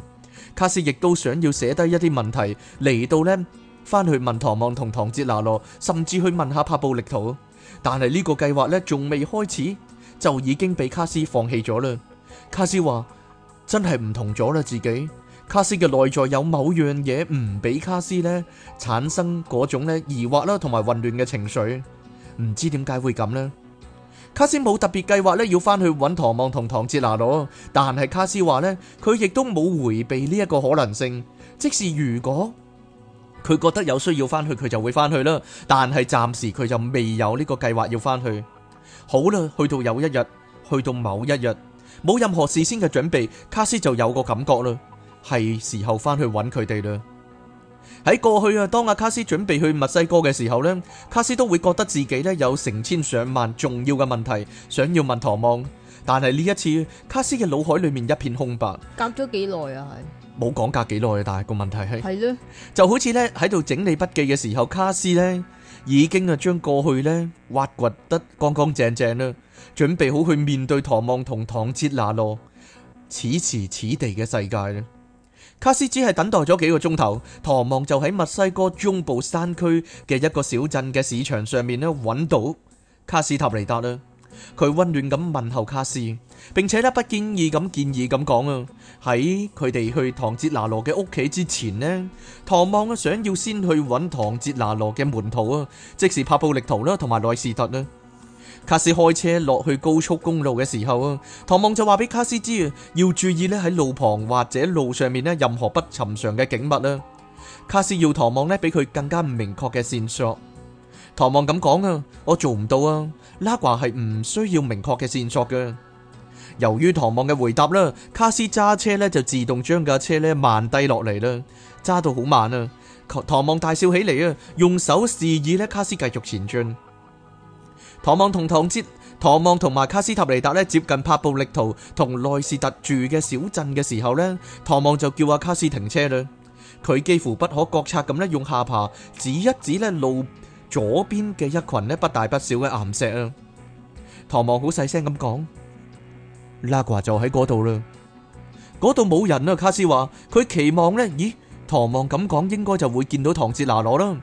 Speaker 2: 卡斯亦都想要寫低一啲問題嚟到咧。翻去問唐望同唐哲拿羅，甚至去問下帕布力圖。但係呢個計劃咧，仲未開始就已經俾卡斯放棄咗啦。卡斯話：真係唔同咗啦，自己。卡斯嘅內在有某樣嘢唔俾卡斯呢產生嗰種咧疑惑啦同埋混亂嘅情緒，唔知點解會咁呢？卡斯冇特別計劃咧，要翻去搵唐望同唐哲拿羅。但係卡斯話呢，佢亦都冇回避呢一個可能性，即使如果。佢覺得有需要翻去，佢就會翻去啦。但係暫時佢就未有呢個計劃要翻去。好啦，去到有一日，去到某一日，冇任何事先嘅準備，卡斯就有個感覺啦，係時候翻去揾佢哋啦。喺過去啊，當阿卡斯準備去墨西哥嘅時候呢，卡斯都會覺得自己呢有成千上萬重要嘅問題，想要問唐望。但係呢一次，卡斯嘅腦海裏面一片空白。
Speaker 1: 隔咗幾耐啊？係。
Speaker 2: 冇講價幾耐，但係個問題係，的就好似呢喺度整理筆記嘅時候，卡斯呢已經啊將過去呢挖掘得乾乾淨淨啦，準備好去面對唐望同唐哲那洛此時此地嘅世界啦。卡斯只係等待咗幾個鐘頭，唐望就喺墨西哥中部山區嘅一個小鎮嘅市場上面咧搵到卡斯塔尼達啦。佢溫暖咁問候卡斯，並且咧不建議咁建議咁講啊！喺佢哋去唐哲拿羅嘅屋企之前呢，唐望啊想要先去揾唐哲拿羅嘅門徒啊，即是帕布力圖啦，同埋奈士特啦。卡斯開車落去高速公路嘅時候啊，唐望就話俾卡斯知啊，要注意呢喺路旁或者路上面咧任何不尋常嘅景物啦。卡斯要唐望呢俾佢更加唔明確嘅線索。唐望咁講啊，我做唔到啊！拉瓜係唔需要明確嘅線索嘅。由於唐望嘅回答啦，卡斯揸車呢就自動將架車咧慢低落嚟啦，揸到好慢啊！唐望大笑起嚟啊，用手示意咧卡斯繼續前進。唐望同唐哲、唐望同埋卡斯塔尼達咧接近帕布力圖同內士特住嘅小鎮嘅時候呢，唐望就叫阿卡斯停車啦。佢幾乎不可覺察咁咧用下巴指一指呢路，左邊嘅一群咧不大不小嘅岩石啊，唐望好細聲咁講，拉瓜就喺嗰度啦，嗰度冇人啊。卡斯話佢期望呢，咦？唐望咁講，應該就會見到唐哲拿羅啦。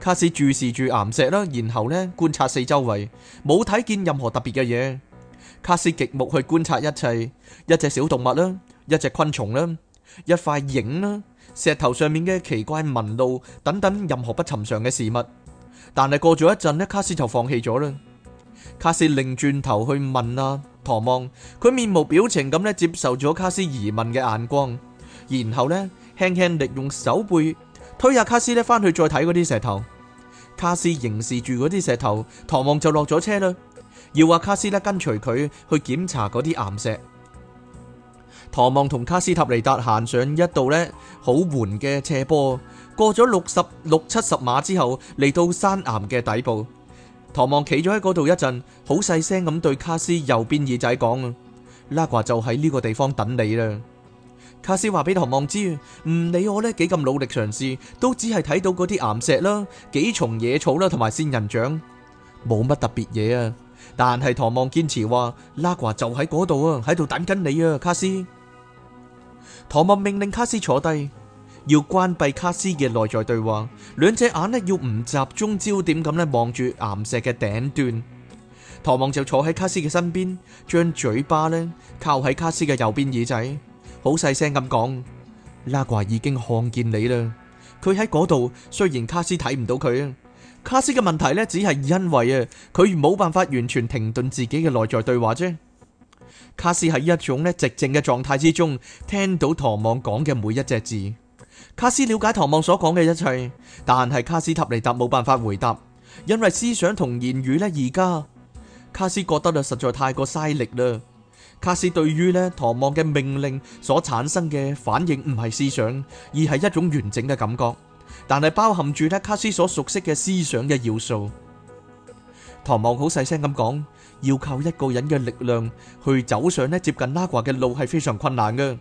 Speaker 2: 卡斯注視住岩石啦，然後呢，觀察四周圍，冇睇見任何特別嘅嘢。卡斯極目去觀察一切，一隻小動物啦，一隻昆蟲啦，一塊影啦，石頭上面嘅奇怪紋路等等，任何不尋常嘅事物。但係過咗一陣咧，卡斯就放棄咗啦。卡斯擰轉頭去問啊，唐望，佢面無表情咁咧接受咗卡斯疑問嘅眼光，然後咧輕輕地用手背推下卡斯咧翻，去再睇嗰啲石頭。卡斯凝視住嗰啲石頭，唐望就落咗車啦，要話卡斯咧跟隨佢去檢查嗰啲岩石。唐望同卡斯塔尼達行上一道咧好緩嘅斜坡。過咗六十六七十碼之後，嚟到山岩嘅底部，唐望企咗喺嗰度一陣，好細聲咁對卡斯右邊耳仔講啊，拉瓜就喺呢個地方等你啦。卡斯話俾唐望知，唔理我呢幾咁努力嘗試，都只係睇到嗰啲岩石啦、幾重野草啦同埋仙人掌，冇乜特別嘢啊。但係唐望堅持話，拉瓜就喺嗰度啊，喺度等緊你啊，卡斯。唐望命令卡斯坐低。要關閉卡斯嘅內在對話，兩隻眼呢要唔集中焦點咁呢望住岩石嘅頂端。唐望就坐喺卡斯嘅身邊，將嘴巴呢靠喺卡斯嘅右邊耳仔，好細聲咁講：拉瓜已經看見你啦，佢喺嗰度。雖然卡斯睇唔到佢啊，卡斯嘅問題呢只係因為啊，佢冇辦法完全停頓自己嘅內在對話啫。卡斯喺一種呢寂靜嘅狀態之中，聽到唐望講嘅每一隻字。卡斯了解唐望所講嘅一切，但係卡斯塔尼達冇辦法回答，因為思想同言語呢。而家卡斯覺得啊實在太過嘥力啦。卡斯對於呢唐望嘅命令所產生嘅反應唔係思想，而係一種完整嘅感覺，但係包含住咧卡斯所熟悉嘅思想嘅要素。唐望好細聲咁講，要靠一個人嘅力量去走上呢接近拉瓜嘅路係非常困難㗎。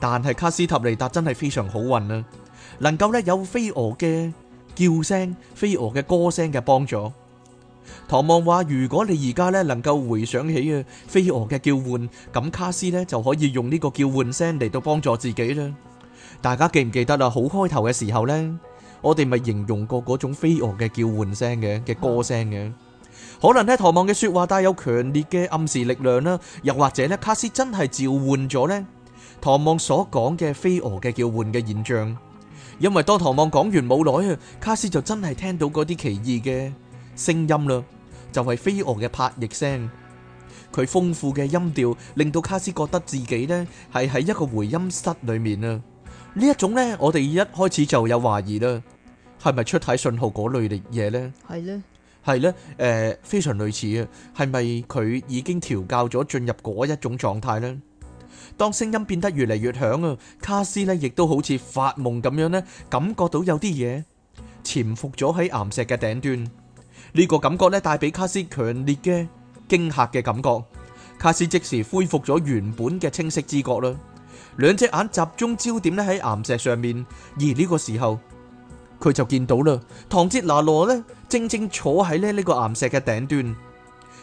Speaker 2: 但係卡斯塔尼達真係非常好運啊，能夠咧有飛蛾嘅叫聲、飛蛾嘅歌聲嘅幫助。唐望話：如果你而家咧能夠回想起啊飛蛾嘅叫喚，咁卡斯咧就可以用呢個叫喚聲嚟到幫助自己啦。大家記唔記得啊？好開頭嘅時候咧，我哋咪形容過嗰種飛蛾嘅叫喚聲嘅嘅歌聲嘅。可能咧唐望嘅說話帶有強烈嘅暗示力量啦，又或者咧卡斯真係召喚咗咧。唐望所講嘅飛蛾嘅叫喚嘅現象，因為當唐望講完冇耐啊，卡斯就真係聽到嗰啲奇異嘅聲音啦，就係飛蛾嘅拍翼聲。佢豐富嘅音調令到卡斯覺得自己呢係喺一個回音室裏面啊。呢一種呢，我哋一開始就有懷疑啦，係咪出體信號嗰類嘅嘢呢？係呢，係呢，誒，非常類似啊。係咪佢已經調教咗進入嗰一種狀態呢？當聲音變得越嚟越響啊，卡斯咧亦都好似發夢咁樣咧，感覺到有啲嘢潛伏咗喺岩石嘅頂端。呢個感覺咧帶俾卡斯強烈嘅驚嚇嘅感覺。卡斯即時恢復咗原本嘅清晰知覺啦，兩隻眼集中焦點咧喺岩石上面。而呢個時候，佢就見到啦，唐哲拿羅咧正正坐喺咧呢個岩石嘅頂端，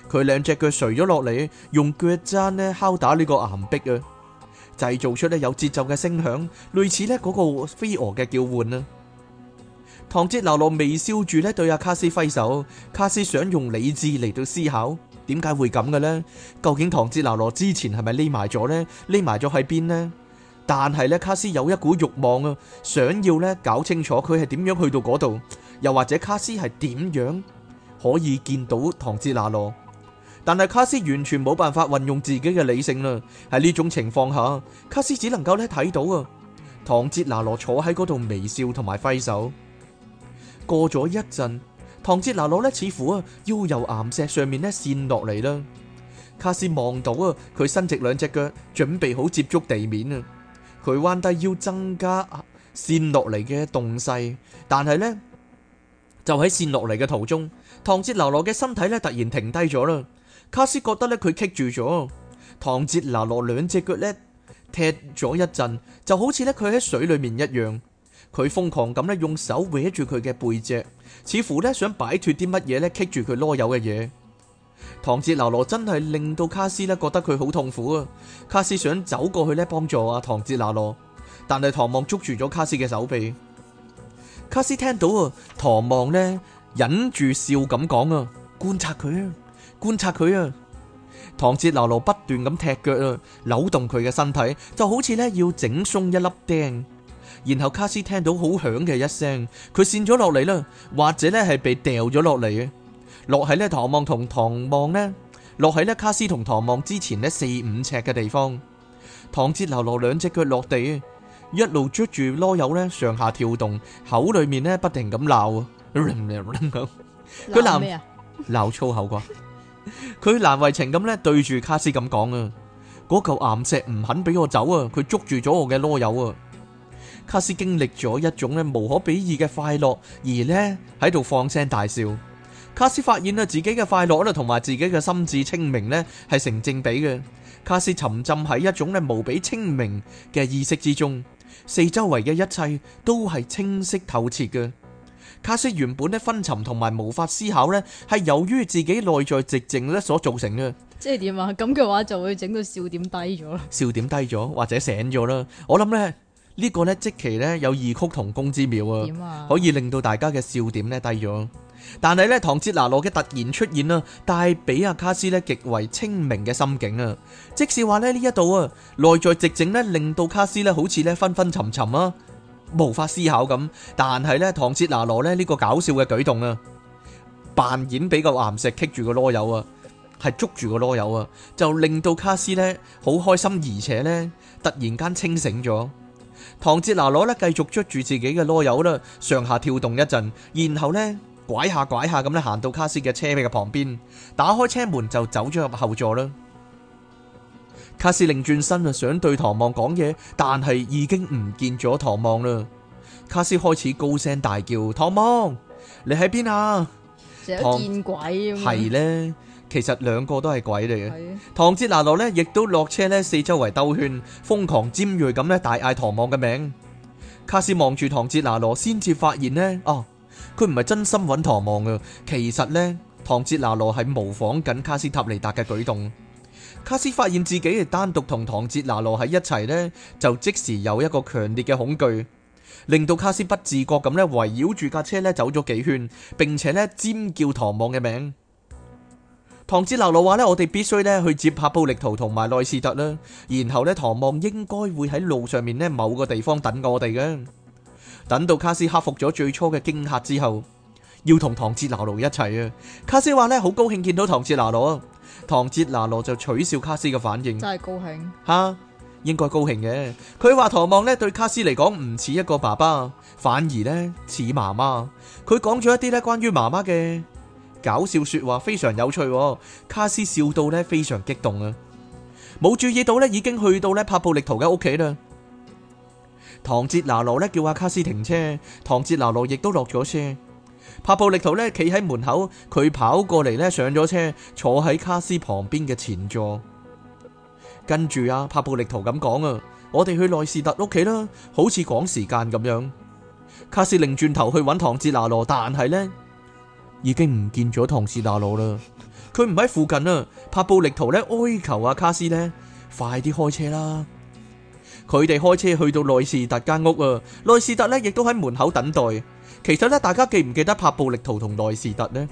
Speaker 2: 佢兩隻腳垂咗落嚟，用腳踭咧敲打呢個岩壁啊。製造出咧有節奏嘅聲響，類似咧嗰個飛蛾嘅叫喚啦。唐杰拿羅微笑住咧對阿卡斯揮手，卡斯想用理智嚟到思考，點解會咁嘅呢？究竟唐杰拿羅之前係咪匿埋咗呢？匿埋咗喺邊呢？但係呢，卡斯有一股欲望啊，想要呢搞清楚佢係點樣去到嗰度，又或者卡斯係點樣可以見到唐杰拿羅。但係卡斯完全冇辦法運用自己嘅理性啦。喺呢種情況下，卡斯只能夠咧睇到啊，唐哲拿羅坐喺嗰度微笑同埋揮手。過咗一陣，唐哲拿羅咧似乎啊要由岩石上面咧扇落嚟啦。卡斯望到啊，佢伸直兩隻腳，準備好接觸地面啊。佢彎低腰增加啊扇落嚟嘅動勢，但係呢，就喺扇落嚟嘅途中，唐哲拿羅嘅身體咧突然停低咗啦。卡斯覺得咧佢棘住咗唐哲拿羅兩隻腳咧，踢咗一陣，就好似咧佢喺水裏面一樣。佢瘋狂咁咧用手搲住佢嘅背脊，似乎咧想擺脫啲乜嘢咧棘住佢囉柚嘅嘢。唐哲拿羅真係令到卡斯咧覺得佢好痛苦啊！卡斯想走過去咧幫助阿唐哲拿羅，但係唐望捉住咗卡斯嘅手臂。卡斯聽到啊，唐望呢忍住笑咁講啊，觀察佢啊。觀察佢啊，唐哲流羅不斷咁踢腳啊，扭動佢嘅身體就好似咧要整鬆一粒釘。然後卡斯聽到好響嘅一聲，佢跣咗落嚟啦，或者咧係被掉咗落嚟啊。落喺咧唐望同唐望呢，落喺咧卡斯同唐望之前咧四五尺嘅地方。唐哲流羅兩隻腳落地啊，一路捉住囉柚咧上下跳動，口裏面咧不停咁鬧啊，佢鬧咩啊？鬧粗口啩。佢 難為情咁咧，對住卡斯咁講啊，嗰嚿岩石唔肯俾我走啊，佢捉住咗我嘅囉柚啊！卡斯經歷咗一種咧無可比擬嘅快樂，而呢，喺度放聲大笑。卡斯發現啊，自己嘅快樂咧同埋自己嘅心智清明呢係成正比嘅。卡斯沉浸喺一種咧無比清明嘅意識之中，四周圍嘅一切都係清晰透徹嘅。卡斯原本咧昏沉同埋無法思考呢，係由於自己內在寂靜咧所造成嘅。
Speaker 1: 即係點啊？咁嘅話就會整到笑點低咗咯。
Speaker 2: 笑點低咗或者醒咗啦。我諗咧呢個呢，即期呢，有異曲同工之妙啊！可以令到大家嘅笑點咧低咗。但係呢，唐哲拿羅嘅突然出現啊，帶俾阿卡斯呢極為清明嘅心境啊！即是話呢，呢一度啊內在寂靜呢，令到卡斯呢好似呢，昏昏沉沉啊！無法思考咁，但係咧唐哲拿羅咧呢個搞笑嘅舉動啊，扮演，比較岩石棘住個囉柚啊，係捉住個囉柚啊，就令到卡斯咧好開心，而且咧突然間清醒咗。唐哲拿羅咧繼續捉住自己嘅囉柚啦，上下跳動一陣，然後咧拐下拐下咁咧行到卡斯嘅車尾嘅旁邊，打開車門就走咗入後座啦。卡斯擰轉身啊，想對唐望講嘢，但係已經唔見咗唐望啦。卡斯開始高聲大叫：唐望，你喺邊啊？
Speaker 1: 見鬼堂！係
Speaker 2: 咧，其實兩個都係鬼嚟嘅。唐的哲拿羅呢亦都落車呢四周圍兜圈，瘋狂尖銳咁咧，大嗌，唐望嘅名。卡斯望住唐哲拿羅，先至發現呢，啊、哦，佢唔係真心搵唐望噶，其實呢，唐哲拿羅係模仿緊卡斯塔尼達嘅舉動。卡斯發現自己係單獨同唐哲拿羅喺一齊呢，就即時有一個強烈嘅恐懼，令到卡斯不自覺咁呢，圍繞住架車呢走咗幾圈，並且呢尖叫唐望嘅名。唐哲拿羅話呢，我哋必須呢去接下布力圖同埋內斯特啦，然後呢，唐望應該會喺路上面呢某個地方等我哋嘅。等到卡斯克服咗最初嘅驚吓之後，要同唐哲拿羅一齊啊！卡斯話呢好高興見到唐哲拿羅。唐哲拿羅就取笑卡斯嘅反應，真係高興吓，應該高興嘅。佢話唐望咧對卡斯嚟講唔似一個爸爸，反而咧似媽媽。佢講咗一啲咧關於媽媽嘅搞笑說話，非常有趣喎。卡斯笑到咧非常激動啊，冇注意到咧已經去到咧帕布力圖嘅屋企啦。唐哲拿羅咧叫阿卡斯停車，唐哲拿羅亦都落咗車。帕布力圖呢企喺門口，佢跑過嚟呢上咗車，坐喺卡斯旁邊嘅前座。跟住啊，帕布力圖咁講啊，我哋去內士達屋企啦，好似趕時間咁樣。卡斯擰轉頭去搵唐哲拿羅，但係呢，已經唔見咗唐哲拿羅啦。佢唔喺附近啊。帕布力圖呢哀求阿卡斯呢，快啲開車啦。佢哋開車去到內士達間屋啊，內士達呢亦都喺門口等待。其實咧，大家記唔記得帕布力圖同內士特呢？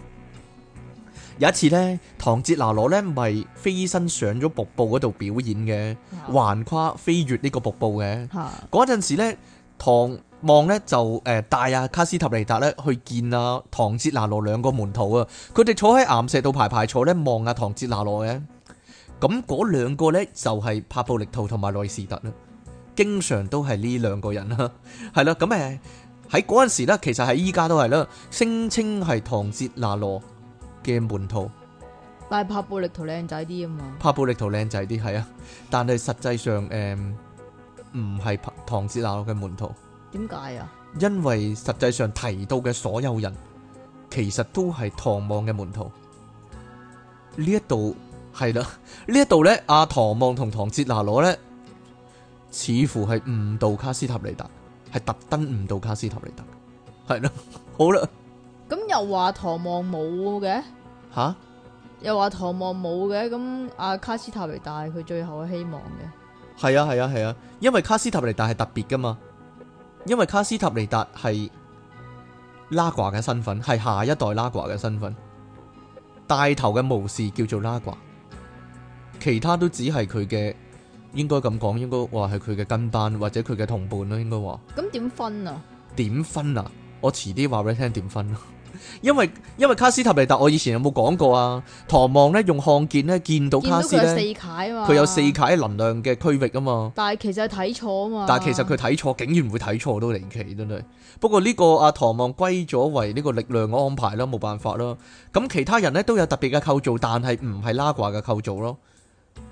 Speaker 2: 有一次呢，唐哲拿羅呢咪飛身上咗瀑布嗰度表演嘅，橫跨飛越呢個瀑布嘅。嗰陣、啊、時咧，唐望呢就誒帶阿、啊、卡斯塔尼達咧去見啊唐哲拿羅兩個門徒啊，佢哋坐喺岩石度排排坐呢望啊唐哲拿羅嘅。咁嗰兩個咧就係、是、帕布力圖同埋內士特啦，經常都係呢兩個人啦，係咯咁誒。喺嗰陣時咧，其實喺依家都係啦，聲稱係唐哲拿羅嘅門徒，
Speaker 1: 但係帕布力圖靚仔啲啊嘛，
Speaker 2: 帕布力圖靚仔啲係啊，但係實際上誒唔係唐哲拿羅嘅門徒，
Speaker 1: 點解啊？
Speaker 2: 因為實際上提到嘅所有人，其實都係唐望嘅門徒，呢一度係啦，呢一度咧，阿、啊、唐望同唐哲拿羅咧，似乎係誤導卡斯塔尼達。係特登唔到卡斯塔尼達，係咯， 好啦的。
Speaker 1: 咁又話唐望冇嘅，吓、啊？又話唐望冇嘅，咁阿卡斯塔尼達係佢最後嘅希望嘅。
Speaker 2: 係啊，係啊，係啊，因為卡斯塔尼達係特別噶嘛，因為卡斯塔尼達係拉掛嘅身份，係下一代拉掛嘅身份，帶頭嘅武士叫做拉掛，其他都只係佢嘅。應該咁講，應該話係佢嘅跟班或者佢嘅同伴啦。應該話，
Speaker 1: 咁點分啊？
Speaker 2: 點分啊？我遲啲話俾你聽點分咯。 因為因為卡斯塔尼達，我以前有冇講過啊？唐望咧用看見咧見到卡斯咧，
Speaker 1: 佢有四
Speaker 2: 階能量嘅區域啊嘛。
Speaker 1: 但係其實係睇錯啊嘛。但係其實佢
Speaker 2: 睇錯，竟然唔會睇錯都離奇真係。不過呢、這個阿唐望歸咗為呢個力量嘅安排啦，冇辦法啦。咁其他人咧都有特別嘅構造，但係唔係拉掛嘅構造咯。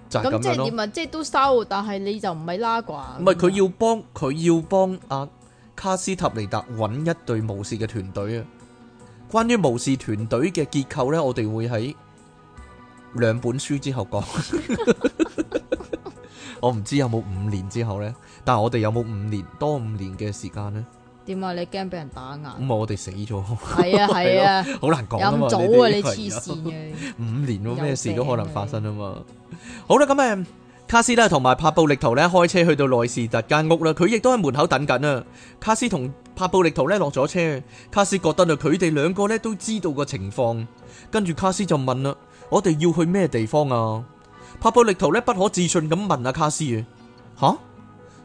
Speaker 2: 咁即係點呀？即
Speaker 1: 係都收，但係你就唔係拉啩？唔係佢
Speaker 2: 要幫佢要幫阿、啊、卡斯塔尼達搵一隊巫師嘅團隊啊！關於巫師團隊嘅結構咧，我哋會喺兩本書之後講。 我唔知有冇五年之後咧，但係我哋有冇五年多五年嘅時間咧？點、嗯、啊！你驚俾人打壓？咁咪我哋死咗？係啊，係啊，好 難講啊嘛！又唔早啊！你黐線嘅，啊、五年咯，咩死事都可能發生啊嘛！好啦，咁誒，卡斯咧同埋帕布力圖咧開車去到內士特間屋啦，佢亦都喺門口等緊啊！卡斯同帕布力圖咧落咗車，卡斯覺得啊，佢哋兩個咧都知道個情況，跟住卡斯就問啦：我哋要去咩地方啊？帕布力圖咧不可置信咁問阿、啊、卡斯：吓、啊，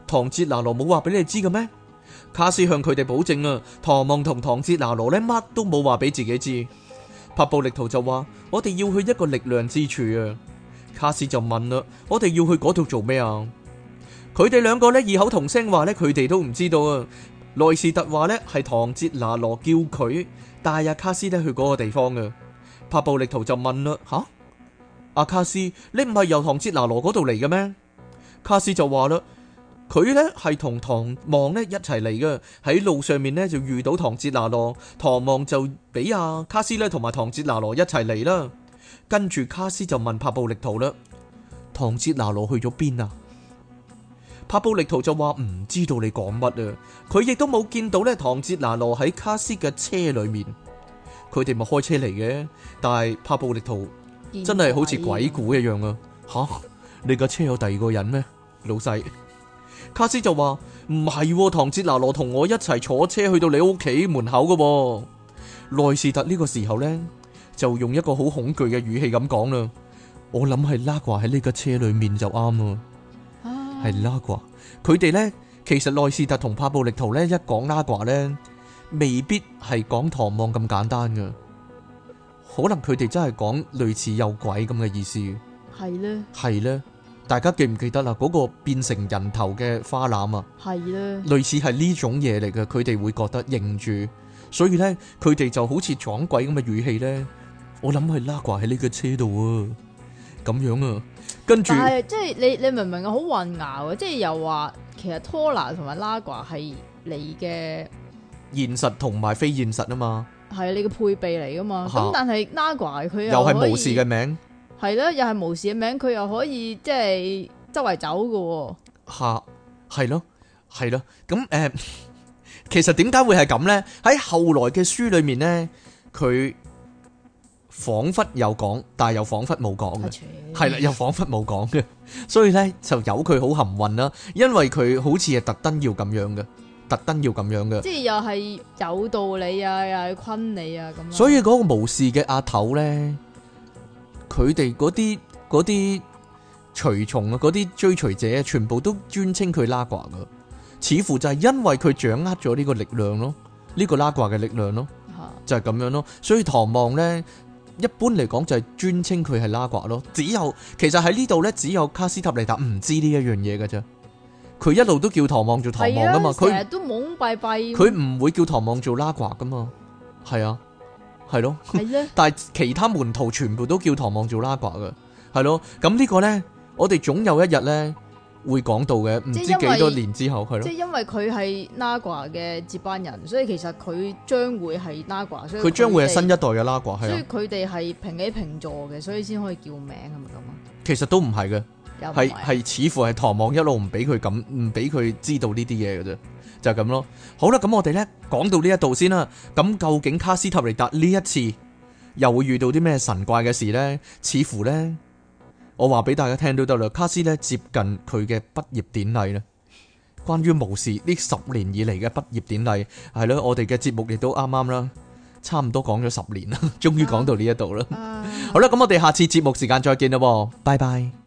Speaker 2: 唐哲拿羅冇話俾你知嘅咩？卡斯向佢哋保證啊，唐望同唐哲拿羅呢乜都冇話俾自己知。帕布力圖就話：我哋要去一個力量之處啊。卡斯就問啦：我哋要去嗰度做咩啊？佢哋兩個呢異口同聲話呢佢哋都唔知道啊。萊士特話呢係唐哲拿羅叫佢帶阿卡斯咧去嗰個地方嘅。帕布力圖就問啦：吓、啊，阿、啊、卡斯，你唔係由唐哲拿羅嗰度嚟嘅咩？卡斯就話啦。佢呢係同唐望呢一齊嚟嘅，喺路上面呢，就遇到唐哲拿羅，唐望就俾阿、啊、卡斯咧同埋唐哲拿羅一齊嚟啦。跟住卡斯就問帕布力圖啦：唐哲拿羅去咗邊啊？帕布力圖就話唔知道你講乜啊！佢亦都冇見到呢唐哲拿羅喺卡斯嘅車裏面，佢哋咪開車嚟嘅。但係帕布力圖真係好似鬼故一樣啊！吓、啊，你架車有第二個人咩，老細？卡斯就話唔係，唐哲拿羅同我一齊坐車去到你屋企門口噶、啊。內斯特呢個時候呢，就用一個好恐懼嘅語氣咁講啦。我諗係拉掛喺呢個車裏面就啱啦。係、啊、拉掛，佢哋呢，其實內斯特同帕布力圖呢一講拉掛呢，未必係講唐望咁簡單噶，可能佢哋真係講類似有鬼咁嘅意思。係咧呢，係咧。大家記唔記得啦？嗰個變成人頭嘅花籃啊，
Speaker 1: 係啦，類
Speaker 2: 似係呢種嘢嚟嘅，佢哋會覺得認住，所以咧佢哋就好似撞鬼咁嘅語氣咧。我諗係拉掛喺呢個車度啊，咁樣啊，跟住。但係
Speaker 1: 即係你你明唔明啊？好混淆啊，即係又話其實拖拿同埋拉掛係你嘅
Speaker 2: 現實同埋非現實啊嘛。
Speaker 1: 係啊，你嘅配備嚟噶嘛？咁但係拉掛佢又。又係無視嘅名。係咯，又係巫士嘅名，佢又可以即係周圍走嘅。
Speaker 2: 吓，係咯，係咯。咁誒，其實點解會係咁咧？喺後來嘅書裏面咧，佢仿佛有講，但係又仿佛冇講嘅。係啦，又仿佛冇講嘅。所以咧，就由佢好幸運啦，因為佢好似係特登要咁樣嘅，特登要咁樣嘅。即係
Speaker 1: 又係有道理啊，又係昆你啊咁。所
Speaker 2: 以嗰個巫士嘅阿頭咧。佢哋嗰啲嗰啲隨從啊，嗰啲追隨者啊，全部都尊稱佢拉呱噶，似乎就係因為佢掌握咗呢個力量咯，呢個拉呱嘅力量咯，就係咁樣咯。所以唐望咧，一般嚟講就係尊稱佢係拉呱咯。只有其實喺呢度咧，只有卡斯塔尼達唔知呢一樣嘢噶啫。佢一路都叫唐望做唐望噶嘛，佢的他
Speaker 1: 都懵閉閉，佢
Speaker 2: 唔會叫唐望做拉呱噶嘛，係啊。係咯， 但係其他門徒全部都叫唐望做拉 a 嘅，係咯。咁呢個咧，我哋總有一日咧會講到嘅，唔知幾多年之後係咯。即係因
Speaker 1: 為佢係拉 a 嘅接班人，所以其實佢將會係拉呱，所以佢將會係新
Speaker 2: 一代嘅拉呱。所以
Speaker 1: 佢哋係平起平坐嘅，所以先可以叫名係咪咁啊？
Speaker 2: 其實都唔係嘅，係係似乎係唐望一路唔俾佢咁，唔俾佢知道呢啲嘢嘅啫。就咁咯，好啦，咁我哋咧講到呢一度先啦。咁究竟卡斯塔尼達呢一次又會遇到啲咩神怪嘅事咧？似乎咧，我話俾大家聽都得啦。卡斯咧接近佢嘅畢業典禮啦。關於無事呢十年以嚟嘅畢業典禮，係咯，我哋嘅節目亦都啱啱啦，差唔多講咗十年啦，終於講到呢一度啦。好啦，咁我哋下次節目時間再見啦，拜拜。